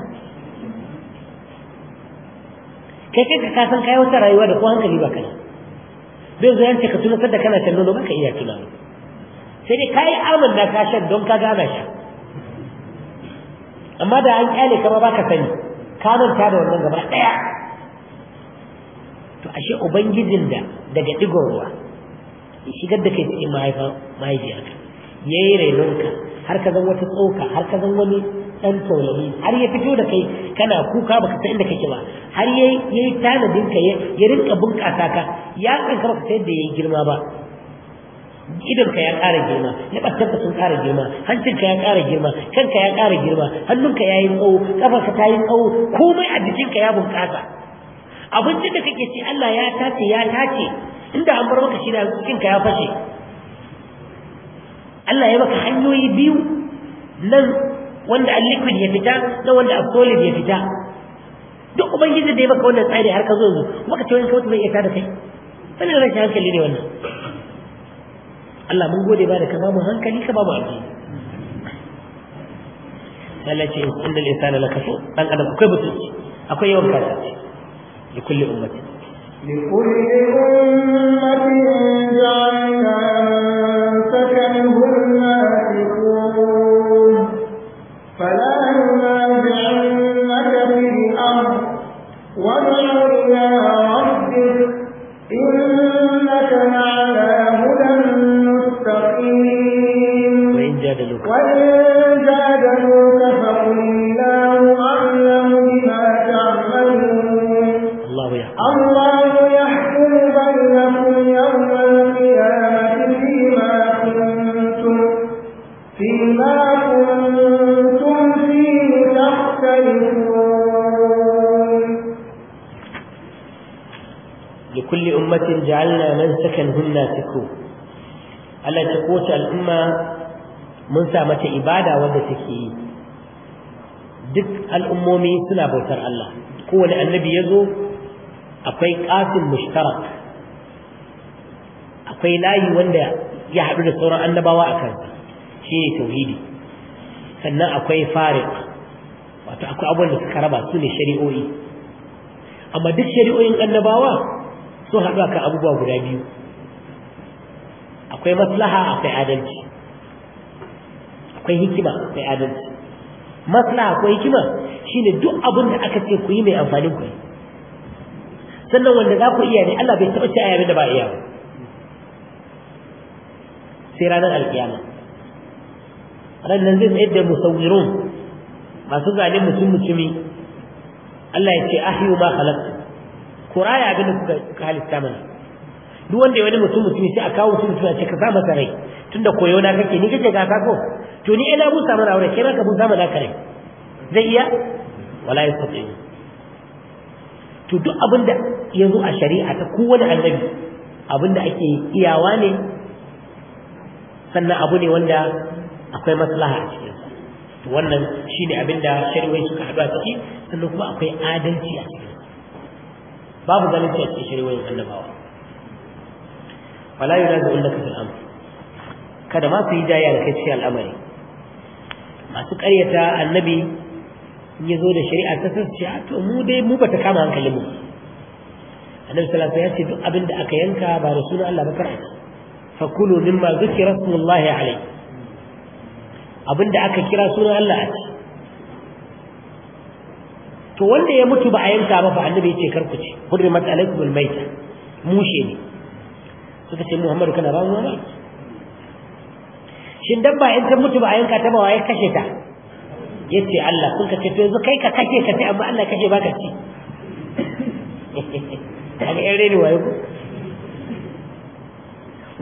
kai kai ka san kai wata rayuwa da ko hankali ba kai zai zo yanci ka tunatar da kana shan nono baka iya tuna sai dai kayi aman da ka shan don ka gana shi amma da an kyale kama baka sani ka manta da wannan gaba daya to ashe ubangijin da daga digon ruwa ya shigar da kai cikin mahaifiyarka ya yi rainonka har ka zan wata tsoka har ka zan wani dan taulayi har ya fito da kai kana kuka baka san inda kake ba har yayi yayi tanadin ka ya rinka bunƙasa ka ya tsanka baka san yadda yayi girma ba idan ka ya ƙara girma laɓar ka sun ƙara girma hancin ka ya ƙara girma kanka ya ƙara girma hannunka ya yi tsawo ƙafarka ta yi tsawo komai a ka ya bunƙasa abincin da kake ci Allah ya tace ya tace inda an bar maka shi da cikinka ya fashe Allah ya maka hanyoyi biyu nan wanda a liquid ya fita da wanda a solid ya fita duk ubangiji da ya baka wannan tsari har ka zo yanzu baka ce wani kawai zai iya tada kai na rashin hankali ne wannan Allah mun gode ba da ka mu hankali ka mu addini Allah ce inda lisan la kafu dan adam akwai mutunci akwai yawan kasance li kulli ummati li kulli ummatin ja'alna sakanhum nafiqun ummatin ja'alna man sakanhunna suku Allah ta kowace al'umma mun sa mata ibada wanda take yi duk al'ummomi suna bautar Allah kowane annabi ya zo akwai ƙasin mushtarak akwai layi wanda ya haɗu da sauran annabawa a kansa shi ne tauhidi sannan akwai farik wato akwai abubuwan da suka raba su ne shari'o'i amma duk shari'o'in annabawa sun haɗu kan abubuwa guda biyu akwai maslaha akwai adalci akwai hikima akwai adalci maslaha akwai hikima shine duk abin da aka ce ku yi mai amfanin ku sannan wanda za ku iya ne Allah bai taɓa ce a yamin da ba iya ba sai ranar alƙiyama ranar zai tsaye da musawirun masu zane mutum mutumi Allah ya ce ahiyu ma halatta kuraya abin da kuka halitta mana duk wanda ya wani mutum mutum sai a kawo mutum suna ce ka sa masa rai tunda koyo na kake ni kake ga kako to ni ina busa mana aure kai ranka busa mana kare zai iya wala yastati to duk abin da yazo a shari'a ta wani annabi abin da ake iyawa ne sannan abu ne wanda akwai maslaha a cikin to wannan shine abin da shari'o'i suka haɗu a ciki sannan kuma akwai adalci a ciki babu zalunci a cikin shirwayin annabawa wala yunazi'un laka fil amr kada ma su yi jayya da kai cikin al'amari masu ƙaryata annabi in ya zo da shari'a ta sace a ah, to mu dai mu bata kama hankalin mu annabi sallallahu alaihi wasallam ya ce duk abin da aka yanka ba da sunan Allah ba karanta fa kulu mimma dhikra smullahi alaihi abin da aka kira sunan Allah a ci to wanda ya mutu ba a yanka ba fa annabi yace karku ce ci hurrimat alaikum almayta mushe ne suka ce Muhammadu kana ba mu wani shin dabba in ta mutu ba a yanka ta ba waye kashe ta yace Allah kun ka ce to yanzu kai ka kashe ka ce amma Allah kashe baka ci kaga yan reni waye ko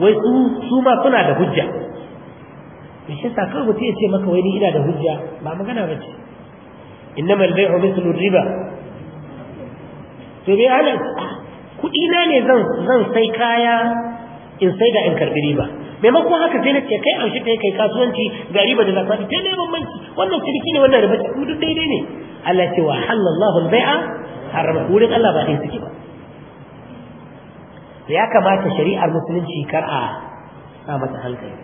wai su su ma suna da hujja me shi sa kawai mutum ya ce maka wai ni ina da hujja ba magana ba ce إنما البيع مثل الربا riba to bai hana kuɗi na ne zan zan sai kaya in sai da in karbi riba maimakon haka sai na ce kai an shi kai kasuwanci ga riba da zakati ta ne bambanci wannan ciniki ne wannan riba mu duk daidai ne Allah ce wa halallahu bai a harama wurin Allah ba dai suke ba ya kamata shari'ar musulunci kar a sa mata hankali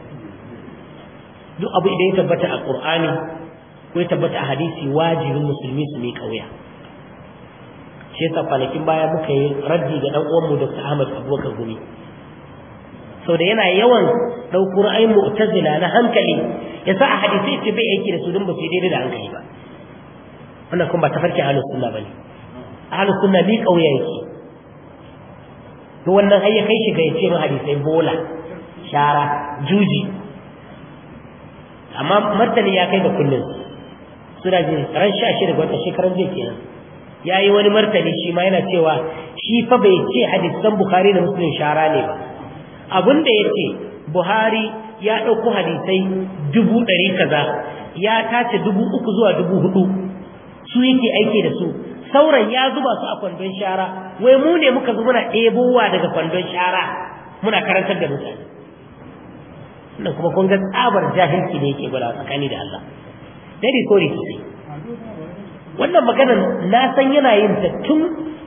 duk abu idan ya tabbata a Qur'ani ko ya tabbata a hadisi wajibin musulmi su mai kauya shi yasa kwanakin baya muka yi raddi ga dan uwanmu Dr. Ahmad Abubakar Gumi sau da yana yawan ɗauko ra'ayin mu'tazila na hankali ya sa a hadisi ce bai aiki da su don ba sai daidai da hankali ba wannan kuma ba ta farke ahlus sunna bane ahlus sunna bi kauya yake to wannan har kai shi ga yace ce hadisi bola shara juji amma martani ya kai ga kullun suna jin ran sha shida daga wata shekaran zai kenan ya yi wani martani shi ma yana cewa shi fa bai ce hadisan Buhari da muslim shara ne ba abin da ya ce buhari ya ɗauko hadisai dubu ɗari kaza ya tace dubu uku zuwa dubu hudu su yake aiki da su sauran ya zuba su a kwandon shara wai mu ne muka zo muna ɗebowa daga kwandon shara muna karantar da mutane nan kuma kun ga tsabar jahilci ne yake gwada tsakani da Allah dare ko rikici wannan maganar na san yana yin ta tun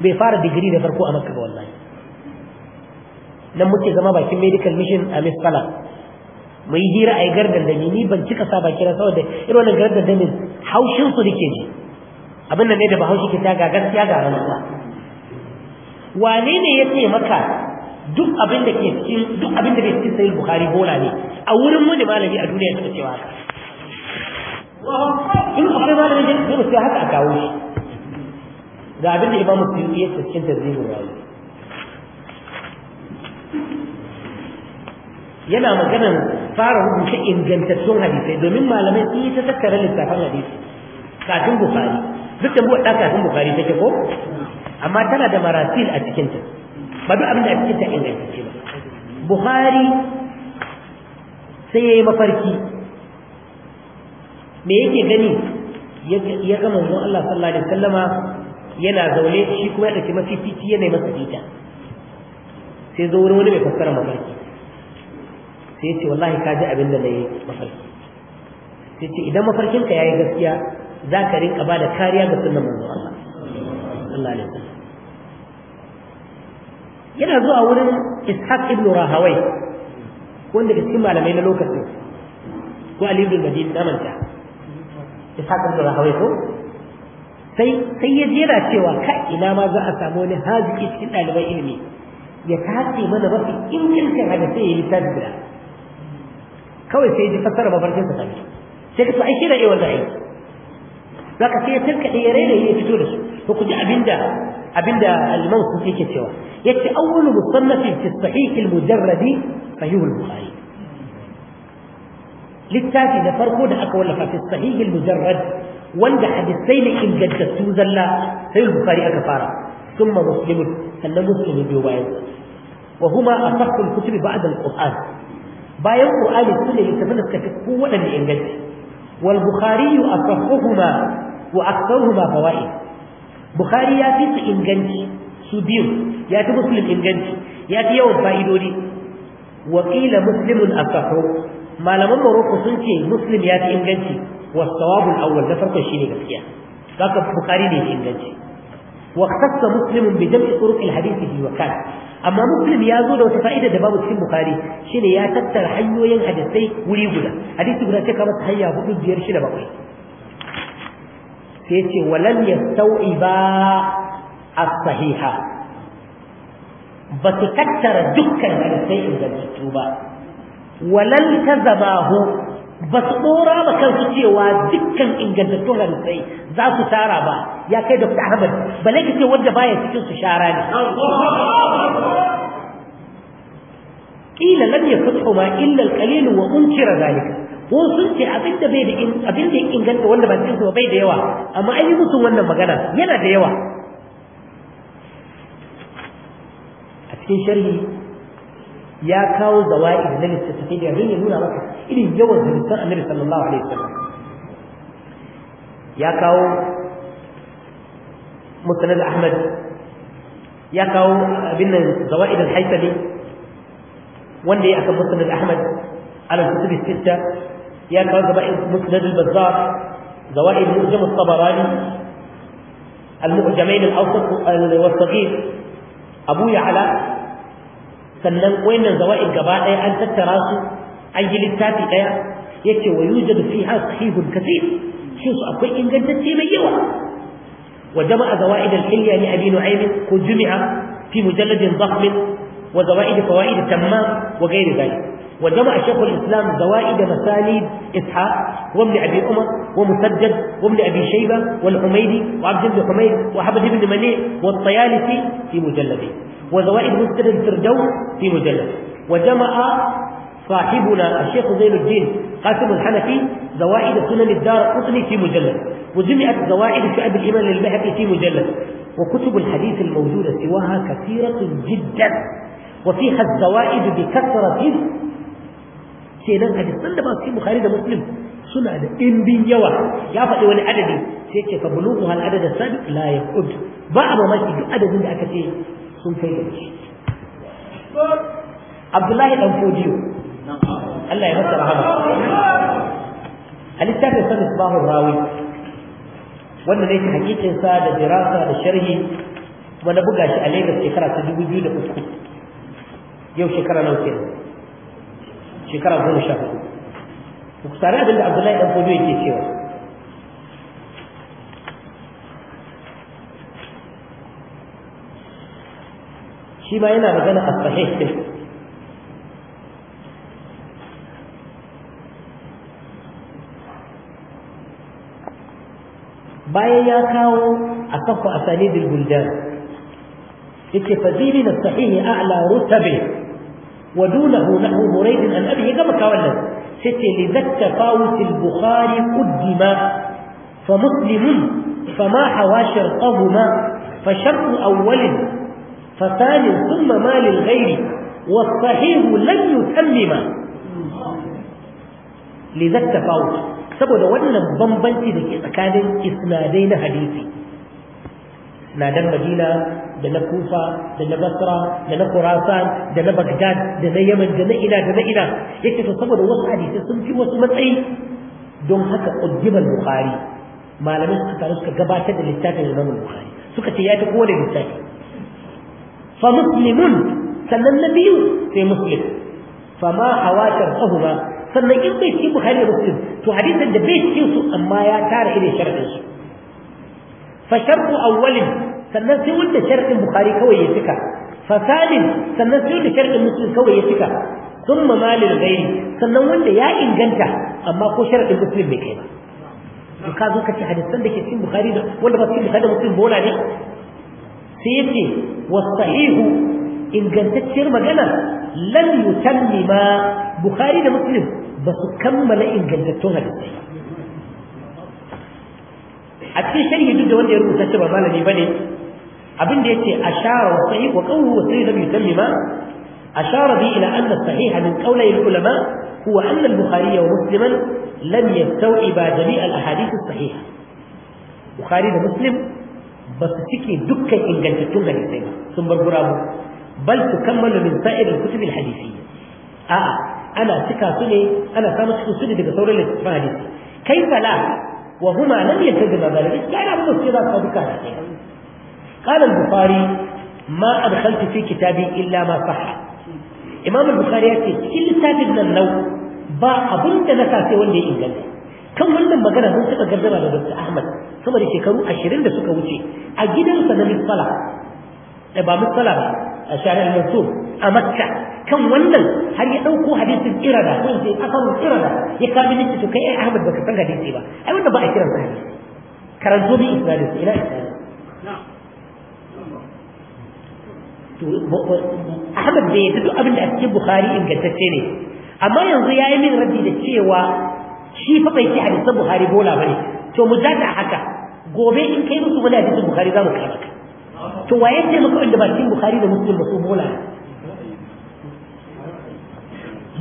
bai fara digiri da farko a makka ba wallahi nan muke zama bakin medical mission a misfala mu yi hira a yi gardandami ni ban cika sa baki na saboda irin wannan gardandamin haushin su ke ji abin nan ne da ba haushi ke ta ga gaskiya ga rantsuwa wane ne ya ce maka duk abin da ke cikin duk abin da ke cikin sahih bukhari bola ne a wurin mu ne malami a duniya suka cewa in ku kai da jin sai haka a kawo shi da abin da imamu suyuti ya cikin tazibin yana magana fara rubuta ingantattun hadisai domin malamai sun yi ta tattara littafin hadisi kafin bukari duk da buɗa kafin bukari take ko amma tana da marasil a cikinta ba duk abin da a cikinta ingantacce ba buhari sai ya yi mafarki me yake gani ya ga manzon Allah sallallahu alaihi wasallama yana zaune shi kuma ya dauki mafifici yana masa fita sai zo wurin wani mai fassara mafarki sai ce wallahi ka ji abin da na yi mafarki sai ce idan mafarkinka ya yi gaskiya za ka rinka ba da kariya ga sunan manzo Allah sallallahu alaihi wasallam yana zuwa wurin Ishaq ibn Rahawai wanda da cikin malamai na lokacin ko Ali ibn madin na manta ishaq da rahawi ko sai sai ya jera cewa kai ina ma za a samu wani haziki cikin ɗaliban ilimi ya tace mana mafi ingancin sai ya yi littafi guda kawai sai ya ji fassara mafarkin sa sami sai ka to ai shira yawan zai za ka sai ya tarkaɗe ya raina ya fito da su to ku ji abinda abinda al-imam sufi yake cewa yace awwalu musannafin fi sahih al-mujarradi sahih al-bukhari littafi da farko da aka wallafa fi sahih al-mujarrad wanda hadisai ne ingantattu zalla sai bukhari aka fara thumma muslim sannan muslim biyo bayan wa huma asahhu al-kutub ba'da al-qur'an bayan qur'ani sune littafin da suka fi waɗanda inganci wal bukhari asahhuhuma wa aktharuhuma fawaid bukhari ya fi su inganci su biyu ya fi muslim inganci ya fi yawan fa'idodi wa qila muslimun asahhu malaman Morocco sun ce muslim ya fi inganci wasu wasawabul awwal na farko ne gaskiya ka bukari ne inganci wa khassa muslim bi jam'i turuq al hadith bi wakan amma muslim ya zo da wata fa'ida da babu cikin bukari ne ya tattara hanyoyin hadisai wuri guda hadisi guda sai ka masa hanya hudu biyar shida bakwai sai ce walan ba a sahiha ba su tattara dukkan hadisai ingantattu ba walal kazabahu ba su dora ba kansu cewa dukkan ingantattun hadisai za su tara ba ya kai da kuɗa ahmad ba ka ce wanda baya cikin su shara ne kila lam yasuthu ma illa alqalil wa unkira zalika ko sun ce abin da bai da abin da inganta wanda ba cikin su bai da yawa amma an yi musu wannan magana yana da yawa a cikin sharhi ya kawo zawa'id na littattafai da don nuna maka irin yawan hadisan annabi sallallahu alaihi wasallam ya kawo musnad ahmad ya kawo abin nan zawa'id al-haythami wanda ya aka musnad ahmad ala kutub sita ya kawo zawa'id musnad al-bazzar zawa'id mujam al-tabarani al-mu'jamain al-awsat wal-saghir abu ya'la sannan wayannan zawa'id gaba ɗaya an tattara su an yi littafi ɗaya yake wa yujadu fiha sahihun kathir shi su akwai ingantacce mai yawa wa jama'a zawa'id al-hilya li abi nu'aym ko jumi'a fi mujalladin dhakhm wa zawa'id fawaid tamma wa ghairi dhalik wa wa jama'a shaykh al-islam zawa'id وجمع شيخ الإسلام زوائد مسانيد إسحاق وابن أبي أمر ومسدد وابن أبي شيبة والحميدي وعبد بن حميد وأحمد بن منيع tayalisi fi mujalladin وزوائد مسند الفردوس في مجلد وجمع صاحبنا الشيخ زين الدين قاسم الحنفي زوائد سنن الدار قطني في مجلد وجمعت زوائد شعب الإمام للبهقي في مجلد وكتب الحديث الموجودة سواها كثيرة جدا وفيها الزوائد بكثرة شيء hadisan da ba su yi bukhari da muslim suna da ɗimbin yawa ya faɗi wani adadi sai ce fa bulughu hal adad sabiq la yaqud ba sun kai da shi Abdullahi dan Fodiyo Allah ya masa rahama a littafin sanu Misbahur Rawi wanda ne ke hakikin sa da dirasa da sharhi kuma na buga shi a Lagos shekara ta 2003 yau shekara nawa ke shekara 14 ku tare da Abdullahi dan Fodiyo yake cewa shi ma yana magana a sahih din bayan ya kawo a kafa asanidul buldan yake fadili na sahihi a'la rutabe wa dunahu lahu muraid an gama kawallan sai ce li zakka fawutil bukhari quddima fa muslimun فما حوى شرطهما فشرط أول فسال ثم ما للغير والصحيح لن يتمم لذا التفاوت saboda wannan bambanci da ke tsakanin isnadai na hadisi dan madina da na kufa da na basra da na khurasan da na bagdad da na yaman da na ina da na ina yake to saboda wasu hadisi sun fi wasu matsayi don haka ƙuddiman mukari, malamai suka taru suka gabatar da littafin imam bukhari suka ce ya fi kowane littafi fa muslimun sannan na biyu sai muslim fa ma hawatar ba sannan in bai cikin bukhari muslim to hadisin da bai cikin su amma ya tara irin sharadin su fa shartu awwalin sannan sai wanda sharadin bukhari kawai ya cika fa salim sannan sai wanda sharadin muslim kawai ya cika thumma malil ghairi sannan wanda ya inganta amma ko sharadin muslim bai kai ba to ka zo ka ci hadisan da ke cikin bukhari da wanda ba cikin bukhari da muslim bola ne سيدي والصحيح إن كانت تكسير مجانا لن يتمم بخاري مسلم بس كمل إن كانت تكسير أكثر شيء يجد وانا يروه تكسير مالا نباني أبن ديتي أشار والصحيح وقوه والصحيح لم يتمم أشار به إلى أن الصحيح من قول العلماء هو أن البخاري ومسلما لم يستوعبا جميع الأحاديث الصحيحة بخاري ومسلم ba su cike dukkan ingantattun hadisai sun bar gurabu bal su kammala min sa'ir al-kutub al a'a ana cika su ne ana samu cikin su daga sauran littattafan hadisi kai fala wa huma lam yatadma balad ya na mu sai za ka duka ne qala al-bukhari ma fi kitabi illa ma sahha imam bukhari ya ce cikin littafin nan lau ba abunda da na sa wanda ya inganta kan wannan magana sun taɓa gaddama da Dr. Ahmad sama da shekaru ashirin da suka wuce a gidansa na misfala da eh, ba misfala ba a shari'ar mansur a makka kan wannan har ya ɗauko hadisin irada ko sai asarun irada ya karbi nake to kai ahmad baka san hadisi ba ai wannan ba a kiran sa hadisi karanto bi isnadin ila isnadin to ahmad bai yi duk abin da a cikin bukhari ingantacce ne amma yanzu ya yi min rabi da cewa shi fa bai ci hadisan bukhari bola bane to mu ja haka gobe in kai musu wani hadisin bukhari za mu kai maka to waye ce maka inda bakin bukhari da muslim ba su mola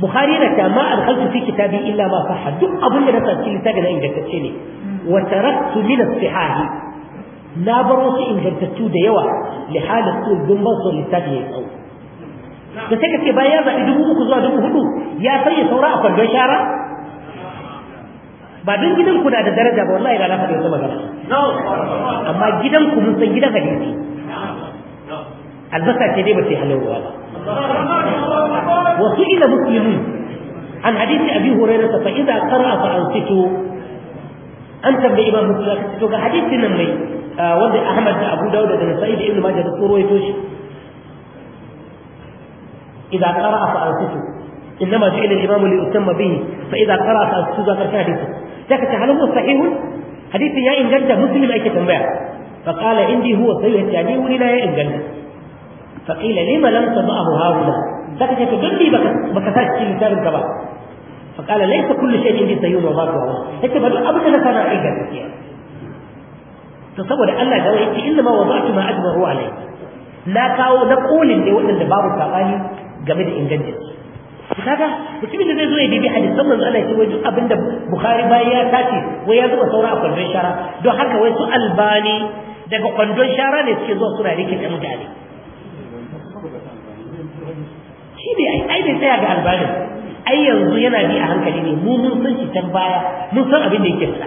bukhari na ta ma alkhaltu fi kitabi illa ma sahha duk abin da na sa cikin littafin na ingantacce ne wa taraktu min as-sihahi na bar wasu ingantattu da yawa li halin su dun ba su littafi ya tsawo da sai ka ce bayan ya zaɓi dubu uku zuwa dubu hudu ya sanya saura a kwandon shara ba don gidanku na da daraja ba wallahi da na faɗi wata magana amma gidanku mun san gidan hadisi albasa ce dai ba sai halarwa ba wasu ila muslimun an hadisi abi hurairah fa idza qara'a fa ansitu an tambayi imam muslim to ga hadisin nan mai wanda ahmad da abu dawud da nasa'i da ibnu majah da su ruwaito shi idza qara'a fa ansitu إنما جعل الإمام ليتم به فإذا قرأ فأستوذى فكادته ذاك هل هو صحيح حديث يا إن جد مسلم أي تنبيع فقال عندي هو صحيح التعليل يعني وإلى يا إن جد فقيل لما لم تضعه هؤلاء ذاك تجدي بكثرة مثال كبار فقال ليس كل شيء عندي صحيح وما هو أنت بل أبدا أي أيك تصور أن قال أنت إنما وضعت ما أجبره عليه لا kawo na kolin ne waɗanda babu saɓani kaga mutumin da zai zo ya bibi hadisan manzo Allah ce wai duk abinda Bukhari bai ya tace wai ya zuba saura a kwandon shara don haka wai su albani daga kwandon shara ne suke zuwa suna rike da mutane shi ne ai bai tsaya ga albani ai yanzu yana bi a hankali ne mu mun san shi can baya mun san abin da yake sa,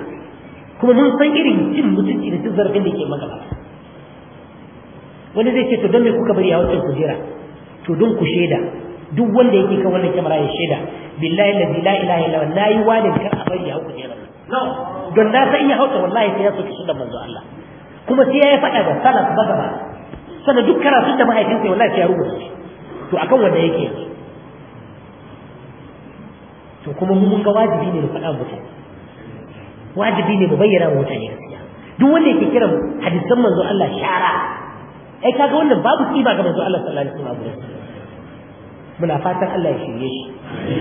kuma mun san irin cin mutunci da cin zarafin da yake magana wani zai ce to don me kuka bari a wancan kujera to don ku shaida duk wanda yake kan wannan kyamara ya shaida billahi la ilaha illa huwa la yuwali ka a bari ya hauka no don na san ya hauka wallahi sai ya soki da manzo Allah kuma sai ya fada da salaf bagaba sannan duk karatun da sai wallahi sai ya rubuta to akan wanda yake to kuma mun ga wajibi ne mu faɗa mutane wajibi ne mu bayyana wa mutane gaskiya duk wanda yake kira hadisan manzo Allah shara ai kaga wannan babu tsiba ga manzo Allah sallallahu alaihi wasallam muna fatan Allah ya shirye shi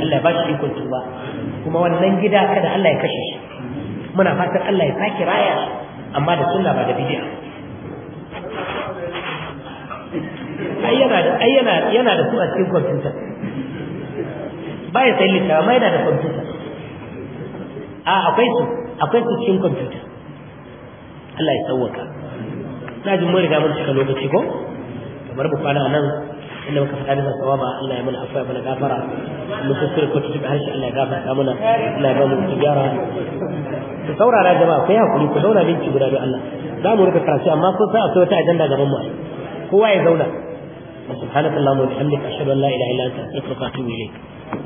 Allah ya ba shi ikon tuba kuma wannan gida kada Allah ya kashe shi muna fatan Allah ya sake raya shi amma da sunna ba da bid'a ai yana da ai yana yana da su a cikin kwamfuta ba ya littafi amma yana da kwamfuta a akwai su akwai su cikin kwamfuta Allah ya tsawaka na ji mun riga mun cika lokaci ko kamar bukwana nan inda muka faɗa bisa sawaba Allah ya mana afuwa mana gafara mun kuskure ko tutuɓe harshe Allah ya gafarta mana Allah ya ba mu gyara ku saurara jama'a ku yi hakuri ku zauna minti guda don Allah za mu rika karatu amma kun san akwai wata ajanda gaban mu kowa ya zauna subhanakallahumma wa bihamdika ashhadu an la ilaha illa anta astaghfiruka wa atubu ilayk